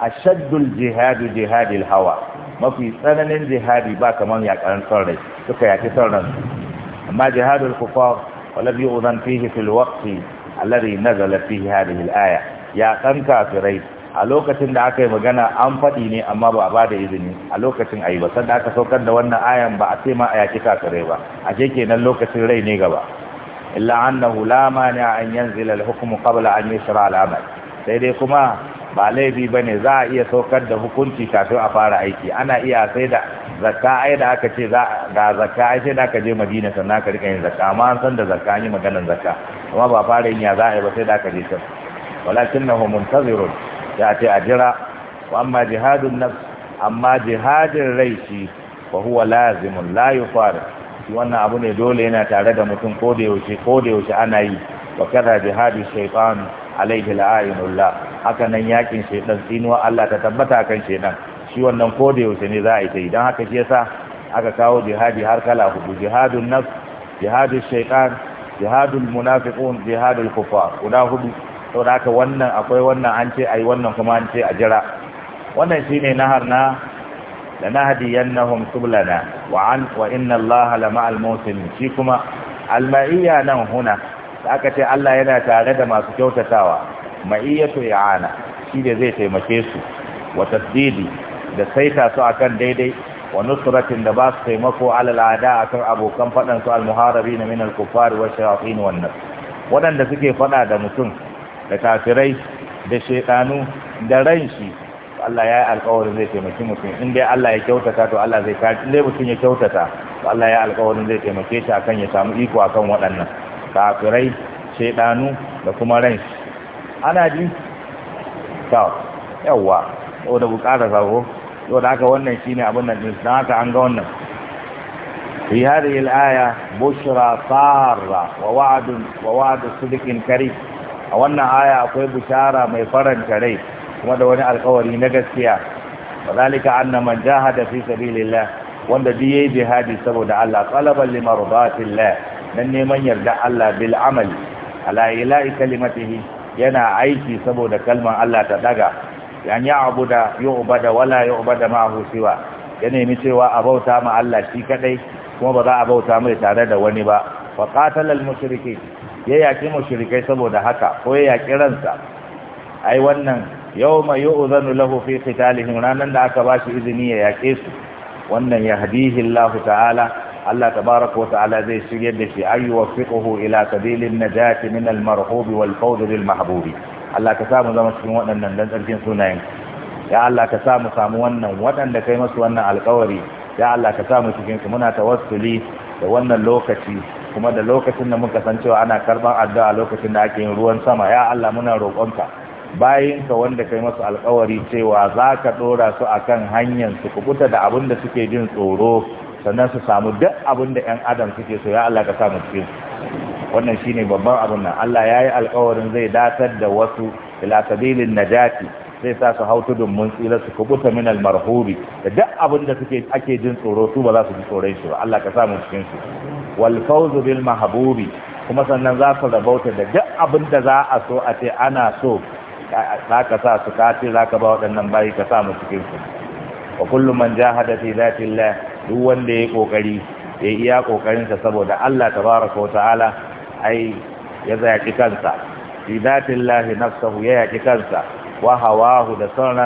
S1: ashaddul jihadu jihadul hawa mafi tsananin jihadi ba kamar yaƙarin son suka yaƙi son amma jihadul kufar walam zan fihi fil waqti alladhi nazala fihi hadhihi al-aya ya kan kafirai a lokacin da aka yi magana an faɗi ne amma ba ba da izini a lokacin ayi ba sanda aka saukar da wannan ayan ba a ce ma a yaki kakare ba a ce kenan lokacin rai ne gaba illa annahu la mani an yanzila al-hukmu qabla an yi al-amal sai dai kuma ba laifi ba ne. za a iya saukar da hukunci kafin a fara aiki ana iya sai da zakka ai da aka ce za ga zakka ai sai da aka je Madina sannan ka rika yin zakka amma an san da zakka an yi maganar zakka amma ba fara yin ya za a yi ba sai da aka je can walakinnahu muntazirun sai a ce a jira wa amma jihadun nafs amma jihadin rai shi fa huwa lazimun la yufar shi wannan abu ne dole yana tare da mutum ko da yaushe ko da yaushe ana yi wa kada jihadu shaytan alaihi la'inullah haka nan yakin shaytan tsinuwa Allah ta tabbata kan shaytan shi wannan ko da yaushe ne za a yi ta idan haka shi yasa aka kawo jihadi har kala hudu jihadun nafs jihadun shaytan jihadul munafiqun jihadul kufar guda hudu sau da aka wannan akwai wannan an ce a yi wannan kuma an ce a jira wannan shine ne nahar na da nahadi yannahum sublana wa an wa inna allaha lama shi kuma alma'iyya nan huna da aka ce allah yana tare da masu kyautatawa ma'iyyatu i'ana shi ne zai taimake su wa tasdidi da saita su akan daidai wa nusratin da ba su taimako alal ada akan abokan faɗan su almuharabin min alkufar wa shayatin wannan waɗanda suke faɗa da mutum da kafirai da shekanu da ranshi. shi Allah ya yi alƙawarin zai taimaki mutum in dai Allah ya kyautata to Allah zai kare in dai mutum ya kyautata to Allah ya yi alƙawarin zai taimake shi akan ya samu iko akan waɗannan kafirai shekanu da kuma ran shi ana ji to yawa da bukatar sako da haka wannan shine abin nan din dan haka an ga wannan في هذه الآية بشرى سارة ووعد ووعد صدق كريم a wannan aya akwai bishara mai faranta rai kuma da wani alkawari na gaskiya wadalika anna man jahada fi sabilillah wanda duk yayi jihadi saboda Allah qalaban li mardatillah dan neman yarda Allah bil amali ala ilahi kalimatihi yana aiki saboda kalman Allah ta daga yan ya'buda yu'bada wala yu'bada ma'ahu siwa ya nemi cewa a bauta ma Allah shi kadai kuma ba za a bauta mai tare da wani ba wa qatalal mushrikin ya yaƙi mushrikai saboda haka ko ya yaƙi ransa ai wannan mai yu'zanu lahu fi qitalihim ranan da aka shi izini ya yaƙe su wannan yahdihi Allah ta'ala Allah baraka wa ta'ala zai shiryar da shi ay yuwaffiquhu ila sabilin najati min al wal fawd lil mahbubi Allah ka samu zama cikin waɗannan dan tsarkin sunayen ya Allah ka samu samu wannan waɗanda kai masu wannan alƙawari ya Allah ka samu cikin su muna tawassuli da wannan lokaci kuma da lokacin da muka san cewa ana karban addu'a lokacin da ake yin ruwan sama ya Allah muna roƙonka ka wanda kai masu alƙawari cewa za ka ɗora su akan kan hanyar su kubuta da abin da suke jin tsoro sannan su samu duk abin da 'yan adam suke so ya Allah ka sa mu cikin wannan shine babban abin nan Allah ya yi alƙawarin zai datar da wasu ila sabilin najati zai sa su hau tudun mun tsira su kubuta min almarhubi da duk abin da suke ake jin tsoro su ba za su ji tsoron shi ba Allah ka sa mu cikin su wal bil mahbubi kuma sannan za ka rabauta da duk abin da za a so a ce ana so za ka sa su kace za ka ba waɗannan bayi ka sa mu cikin su wa kullu man jahada fi zatillah duk wanda ya kokari ya iya kokarin saboda Allah tabaraka wa ta'ala ai ya zaki kansa fi zatillah nafsuhu ya yaki kansa wa hawahu da son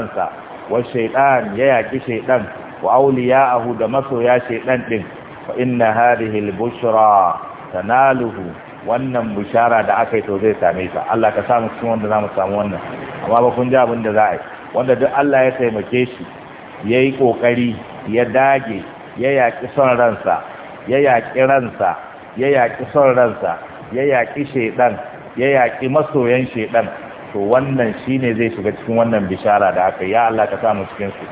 S1: wa shaytan ya yaki shaytan wa awliya'ahu da masoya shaytan din fa inna hadhihi al-bushra tanaluhu wannan bushara da aka yi to zai same sa Allah ka samu cikin wanda zamu samu wannan amma ba kun ji abin da za a yi wanda duk Allah ya taimake shi yayi ƙoƙari, ya dage ya yaƙi son ransa ya yaƙi ransa ya yaƙi son ransa ya yaƙi shaidan ya yaƙi masoyan shaidan to wannan shi ne zai shiga cikin wannan bishara da aka ya Allah ka samu cikin su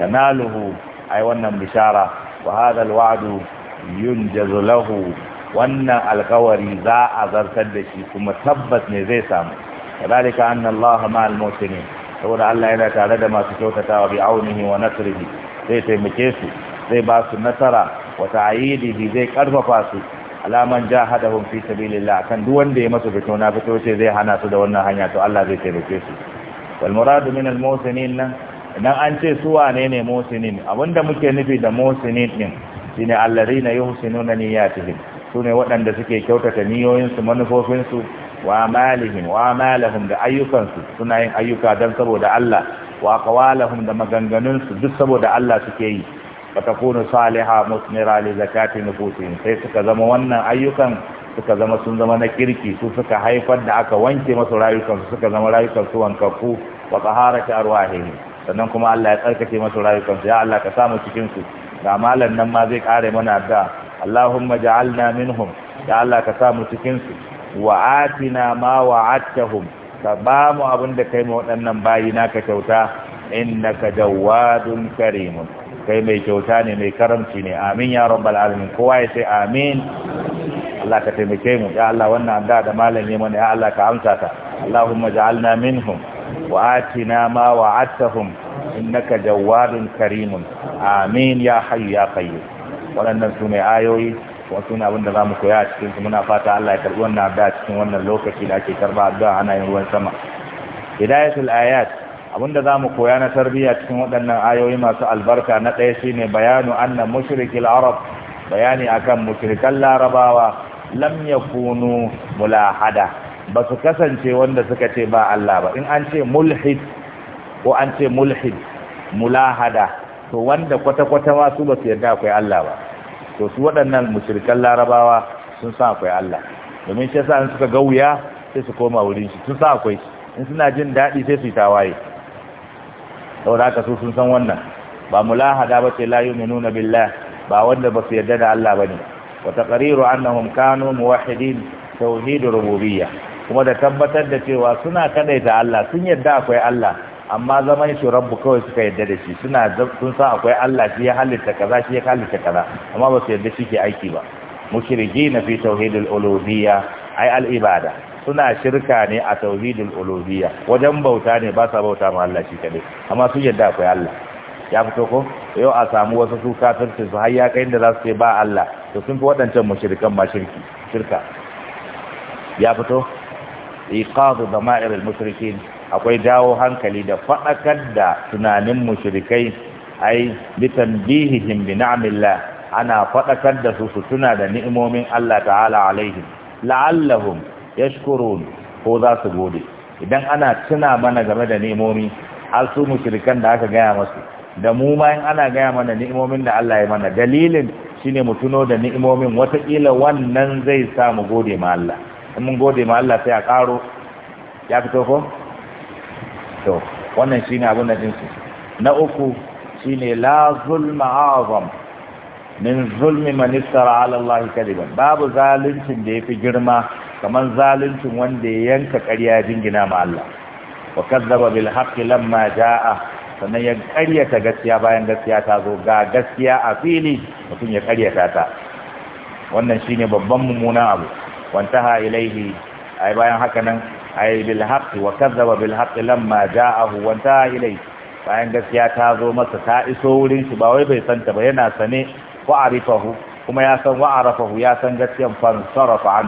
S1: tanaluhu ai wannan bishara wa hadha alwa'du yunjazu wannan alkawari za a zartar da shi kuma tabbas ne zai samu kadalika anna allaha ma'al muhsinin saboda Allah yana tare da masu kyautatawa bi aunihi wa nasrihi zai taimake su zai basu su nasara wa ta'idihi zai karfafa su alaman jahadahum fi sabilillah kan duk wanda ya masu fito na fito ce zai hana su da wannan hanya to Allah zai taimake su wal muradu min al nan idan an ce su wane ne musinin abinda muke nufi da musinin din shine niyya cikin su ne waɗanda suke kyautata niyoyinsu manufofinsu wa amalihim wa amalahum da ayyukansu suna yin ayyuka don saboda Allah wa qawalahum da maganganunsu duk saboda Allah suke yi fatakunu saliha musnira li zakati sai suka zama wannan ayyukan suka zama sun zama na kirki su suka haifar da aka wanke masu rayukansu suka zama rayukansu wankakku wa taharati arwahihim sannan kuma Allah ya tsarkake masu rayukansu ya Allah ka samu cikinsu ga malam nan ma zai kare mana da Allahumma ja'alna minhum ya Allah ka samu cikinsu wa atina ma wa'adtahum ka ba mu abin da kai ma waɗannan bayi naka kyauta innaka jawadun karimun kai mai kyauta ne mai karamci ne amin ya rabbal alamin kowa ya ce amin Allah ka taimake mu ya Allah wannan adda da malam ya mana ya Allah ka amsa ta Allahumma ja'alna minhum وآتنا ما وعدتهم إنك جواد كريم amin يا حي يا قيوم waɗannan su ayoyi wasu ne abin da koya a cikin su muna fata Allah ya karɓi wannan addu'a cikin wannan lokaci da ake karɓa addu'a ana yin ruwan sama hidayatul ayat abinda da za mu koya na tarbiyya cikin waɗannan ayoyi masu albarka na ɗaya shine bayanu anna mushrikil arab bayani akan mushrikan larabawa lam yakunu mulahada ba su kasance wanda suka ce ba Allah ba in an ce mulhid ko an ce mulhid mulahada to wanda kwata-kwata ma su ba su yarda akwai Allah ba to su waɗannan mushrikan larabawa sun san akwai Allah domin shi yasa in suka ga wuya sai su koma wurin shi sun san akwai in suna jin daɗi sai su yi tawaye da haka su sun san wannan ba mulahada ba ce la yu'minuna billah ba wanda ba su yarda da Allah bane wa taqriru annahum kanu muwahhidin tauhid rububiyyah kuma da tabbatar da cewa suna kadaita Allah sun yadda akwai Allah amma zaman shi rabbu kawai suka yadda da shi suna sun san akwai Allah shi ya halitta kaza shi ya halitta kaza amma ba su yadda shi ke aiki ba mushriki na fi tauhidul uluhiyya ai al ibada suna shirka ne a tauhidul uluhiyya wajen bauta ne ba sa bauta ma Allah shi kadai amma sun yadda akwai Allah ya fito ko yau a samu wasu su kafirci su har ya kai inda za su ce ba Allah to sun fi waɗancan mushrikan ma shirki shirka ya fito iqadu dama'ir al akwai dawo hankali da faɗakar da tunanin mushrikai ai bitanbihihim bi ni'amillah ana faɗakar da su su tuna da ni'imomin Allah ta'ala alaihim la'allahum yashkurun ko za su gode idan ana tuna mana game da ni'imomi har su mushrikan da aka gaya masu da mu ma in ana gaya mana ni'imomin da Allah ya mana dalilin shine mu tuno da ni'imomin watakila wannan zai sa mu gode ma Allah in mun gode ma Allah sai a karo ya fito ko to wannan shine abin da jinsu na uku shine la zulma azam min zulmi man istara ala Allah kadiban babu zaluncin da yafi girma kaman zaluncin wanda ya yanka ƙarya jingina ma Allah wa kadzaba bil haqqi lamma jaa sannan ya karyata gaskiya bayan gaskiya ta zo ga gaskiya a fili mutum ya karyata ta wannan shine babban mummunan abu wantaha ilaihi ai bayan haka nan ai bil haqqi wa kadzaba bil haqqi lamma ja'ahu wantaha ilaihi bayan gaskiya ta zo masa ta iso wurin shi ba wai bai santa ba yana sane wa arifahu kuma ya san wa arafahu ya san gaskiyan fan sarafa an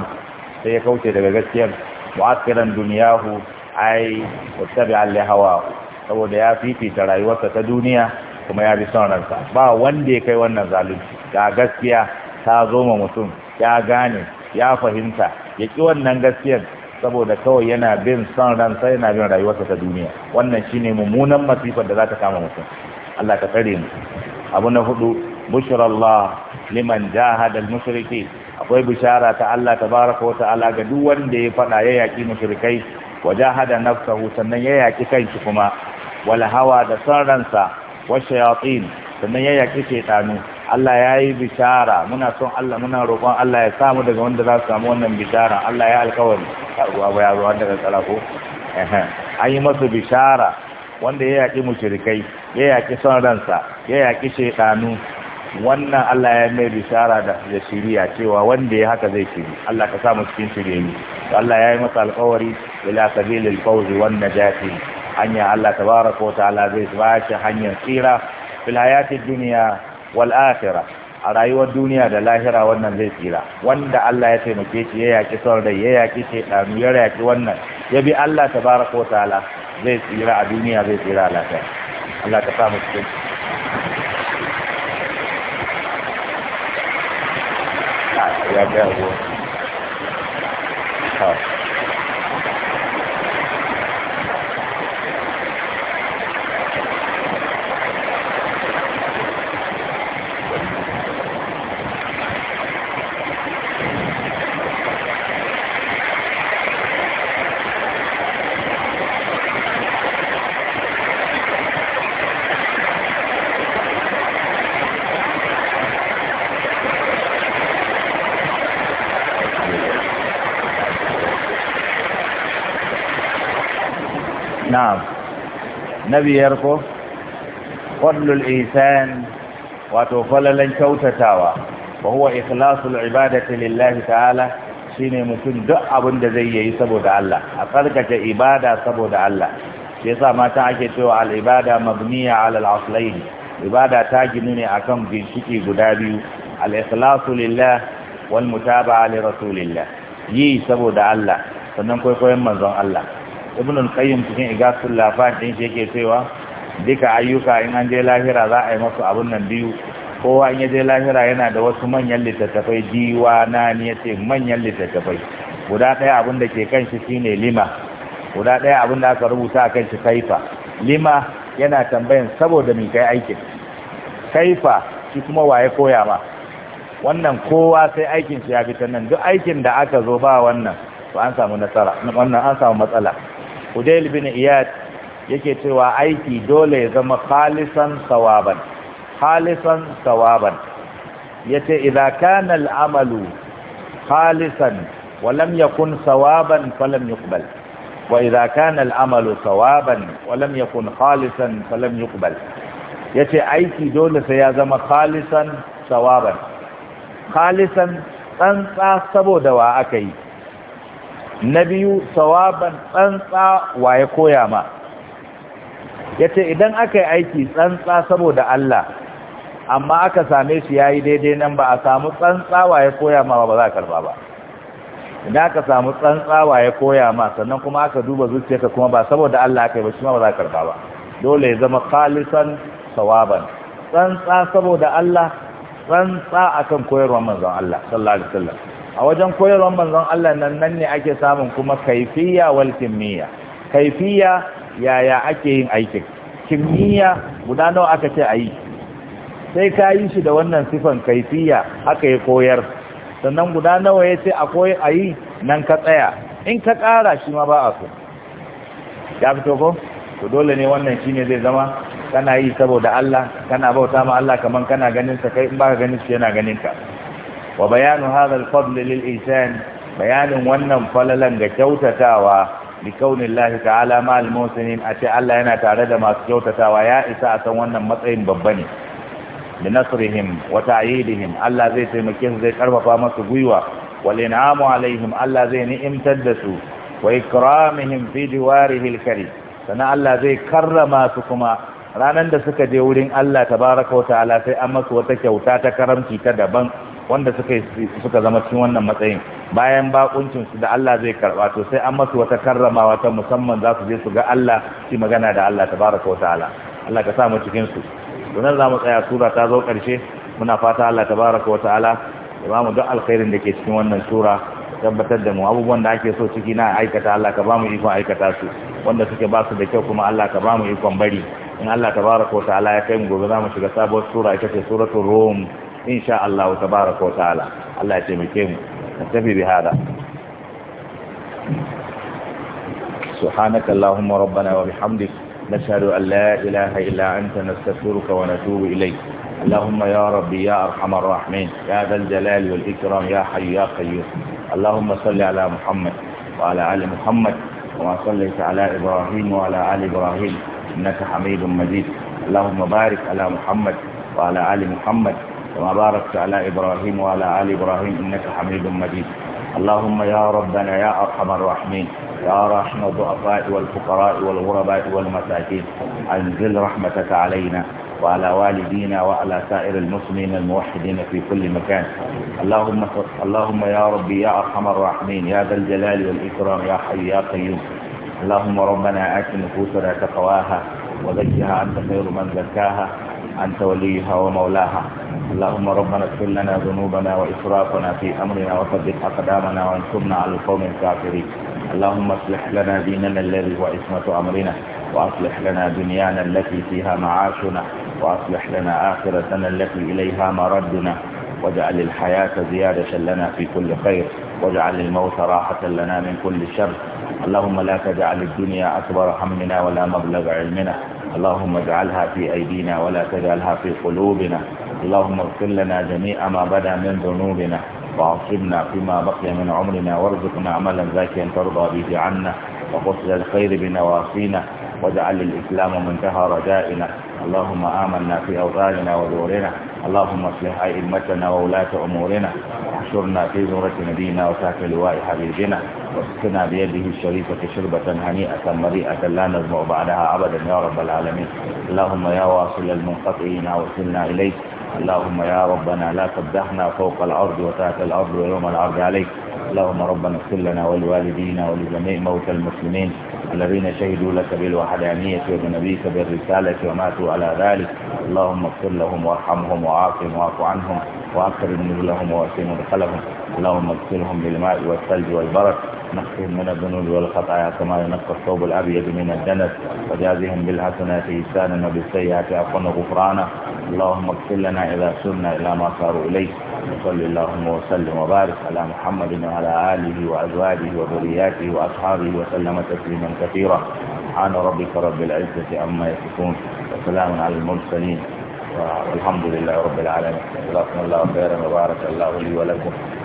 S1: sai ya kauce daga gaskiyan mu'akkiran duniyahu ai wattabi'a li hawahu saboda ya fifita rayuwarsa ta duniya kuma ya bi son ba wanda ya kai wannan zalunci ga gaskiya ta zo ma mutum ya gane ya fahimta ya ƙi wannan gaskiyar saboda kawai yana bin son ransa yana bin rayuwarsa ta duniya wannan shine mummunan masifar da za ta kama mutum Allah ka tsare mu abu na hudu Allah liman jahada al-mushriki akwai bishara ta Allah tabaraka wa ta'ala ga duk wanda ya fada ya yaki mushrikai wa jahada nafsahu sannan ya yaki kanshi kuma wal hawa da son ransa wa shayatin sannan ya yaki shaytanu Allah ya yi bishara muna son Allah muna roƙon Allah ya samu daga wanda za su samu wannan bishara Allah ya alkawari ruwa ba ya zo wanda ga ko an yi masa bishara wanda ya yaƙi mushrikai ya yaƙi son ransa ya yaƙi shekanu wannan Allah ya mai bishara da shiriya cewa wanda ya haka zai shiri Allah ka samu cikin shirye Allah ya yi masa alkawari ila sabilil fawzi wan najati hanya Allah tabaraka wa ta'ala zai ba shi hanyar tsira fil hayatid dunya wal akhirah a rayuwar duniya da lahira wannan zai tsira wanda Allah ya taimake shi ya yaki son rai ya yaki shedanu ya yaki wannan ya bi Allah tabaraka wa ta'ala zai tsira a duniya zai tsira a lafiya Allah ka sa mu cikin ya ga na biyar ko fadlul wato falalan kyautatawa wa huwa ikhlasul ibadati lillahi ta'ala shine mutum duk abin da zai yi saboda Allah a tsarkake ibada saboda Allah shi yasa mata ake cewa al ibada mabniya ala al aslayn ibada ta ginu ne akan bincike guda biyu al ikhlasu lillah wal mutaba'a li rasulillah yi saboda Allah sannan kwaikwayon manzon Allah ibn al-qayyim cikin igasul lafan din shi yake cewa duka ayyuka in an je lahira za a yi masu abun nan biyu kowa in ya je lahira yana da wasu manyan littattafai diwa na ni yace manyan littattafai guda ɗaya abin da ke kan shi shine lima guda ɗaya abin da aka rubuta a kan shi kaifa lima yana tambayan saboda mai kai aikin kaifa shi kuma waye koya ma wannan kowa sai aikin shi ya ta nan duk aikin da aka zo ba wannan to an samu nasara wannan an samu matsala Udail bin Iyad yake cewa aiki dole ya zama khalisan sawaban khalisan sawaban yace idza kana al-amalu khalisan wa lam yakun sawaban falam yuqbal wa idza kana al-amalu sawaban wa lam yakun khalisan falam yuqbal yace aiki dole sai ya zama khalisan sawaban khalisan tsantsa saboda wa aka yi na biyu sawaban tsantsa wa ya koya ma ya idan aka yi aiki tsantsa saboda Allah amma aka same shi ya yi daidai nan ba a samu tsantsa wa ya koya ma ba za a karba ba idan aka samu tsantsa wa ya koya ma sannan kuma aka duba zuciyarka kuma ba saboda Allah aka yi ba shi ma ba za a karba ba dole ya zama khalisan sawaban tsantsa saboda Allah tsantsa akan koyarwar manzon Allah sallallahu alaihi wasallam a wajen koyarwar manzon Allah nan nan ne ake samun kuma kaifiya wal kimiyya kaifiya yaya ake yin aikin kimiyya guda nawa aka ce ayi sai ka yi shi da wannan sifan kaifiya aka yi koyar sannan guda nawa ya ce a koyi ayi nan ka tsaya in ka ƙara shi ma ba a so ya fito ko to dole ne wannan shi ne zai zama kana yi saboda Allah kana bauta ma Allah kamar kana ganin sa kai in baka ganin shi yana ganin ka wa bayanu hadha al-fadl lil insan bayanin wannan falalan ga kyautatawa bi kaunillahi ta'ala ma al-musinin ace Allah yana tare da masu kyautatawa ya isa a san wannan matsayin babba ne bi nasrihim wa ta'yidihim Allah zai taimake su zai karfafa masu gwiwa wal in'amu alaihim Allah zai ni'imtar da su wa ikramihim fi diwarihi al-karim sannan Allah zai karrama su kuma ranar da suka je wurin Allah tabaraka wa ta'ala sai an masu wata kyauta ta karamci ta daban wanda suka suka zama cikin wannan matsayin bayan bakuncin su da Allah zai karba to sai an masu wata karramawa ta musamman za su je su ga Allah ci magana da Allah tabaraka wa ta'ala Allah ka sa mu cikin su donan za mu tsaya sura ta zo karshe muna fata Allah tabaraka wa ta'ala ya ba mu duk alkhairin da ke cikin wannan sura tabbatar da mu abubuwan da ake so ciki na aikata Allah ka ba mu ikon aikata su wanda suke ba su da kyau kuma Allah ka ba mu ikon bari in Allah tabaraka wa ta'ala ya kai mu gobe za mu shiga sabuwar sura ita ce suratul rum إن شاء الله تبارك وتعالى الله ya taimake بهذا سبحانك اللهم ربنا وبحمدك نشهد أن لا إله إلا أنت نستغفرك ونتوب إليك اللهم يا ربي يا أرحم الراحمين يا ذا الجلال والإكرام يا حي يا قيوم اللهم صل على محمد وعلى آل محمد وما صليت على إبراهيم وعلى آل إبراهيم إنك حميد مجيد اللهم بارك على محمد وعلى آل محمد كما باركت على إبراهيم وعلى آل إبراهيم إنك حميد مجيد اللهم يا ربنا يا أرحم الراحمين يا رحم الضعفاء والفقراء والغرباء والمساكين أنزل رحمتك علينا وعلى والدينا وعلى سائر المسلمين الموحدين في كل مكان اللهم اللهم يا ربي يا أرحم الراحمين يا ذا الجلال والإكرام يا حي يا قيوم اللهم ربنا آت نفوسنا تقواها وزكها أنت خير من زكاها أنت وليها ومولاها اللهم ربنا اغفر لنا ذنوبنا وإسرافنا في أمرنا وثبت أقدامنا وانصرنا على القوم الكافرين اللهم اصلح لنا ديننا الذي هو عصمة أمرنا وأصلح لنا دنيانا التي فيها معاشنا وأصلح لنا آخرتنا التي إليها مردنا واجعل الحياة زيادة لنا في كل خير واجعل الموت راحة لنا من كل شر اللهم لا تجعل الدنيا أكبر همنا ولا مبلغ علمنا اللهم اجعلها في أيدينا ولا تجعلها في قلوبنا اللهم اغفر لنا جميع ما بدا من ذنوبنا وعصبنا فيما بقي من عمرنا وارزقنا عملا زاكيا ترضى به عنا وقصد الخير بنواصينا واجعل الإسلام منتهى رجائنا اللهم آمنا في أوطاننا ودورنا اللهم اصلح أئمتنا وولاة أمورنا واحشرنا في زمرة نبينا وساك لواء حبيبنا واسقنا بيده الشريفة شربة هنيئة مريئة لا نزمع بعدها أبدا يا رب العالمين اللهم يا واصل المنقطعين وصلنا إليك اللهم يا ربنا لا تبدحنا فوق الأرض وتحت الأرض ويوم العرض عليك اللهم ربنا اغفر لنا ولوالدينا ولجميع موتى المسلمين الذين شهدوا لك بالوحدانية وبنبيك بالرسالة وماتوا على ذلك اللهم اغفر لهم وارحمهم وعافهم واعف عنهم وأكثر نزلهم ووسع مدخلهم اللهم اغسلهم بالماء والثلج والبرد نقهم من الذنوب والخطايا كما ينقى الثوب الأبيض من الدنس وجازهم بالحسنات إحسانا وبالسيئات عفوا وغفرانا اللهم اغفر لنا إذا سرنا إلى ما صاروا إليه وصل اللهم وسلم وبارك على محمد وعلى آله وأزواجه وذرياته وأصحابه وسلم تسليما كثيرا سبحان ربك رب العزة عما يصفون وسلام على المرسلين والحمد لله رب العالمين جزاكم الله
S2: خيرا وبارك الله لي ولكم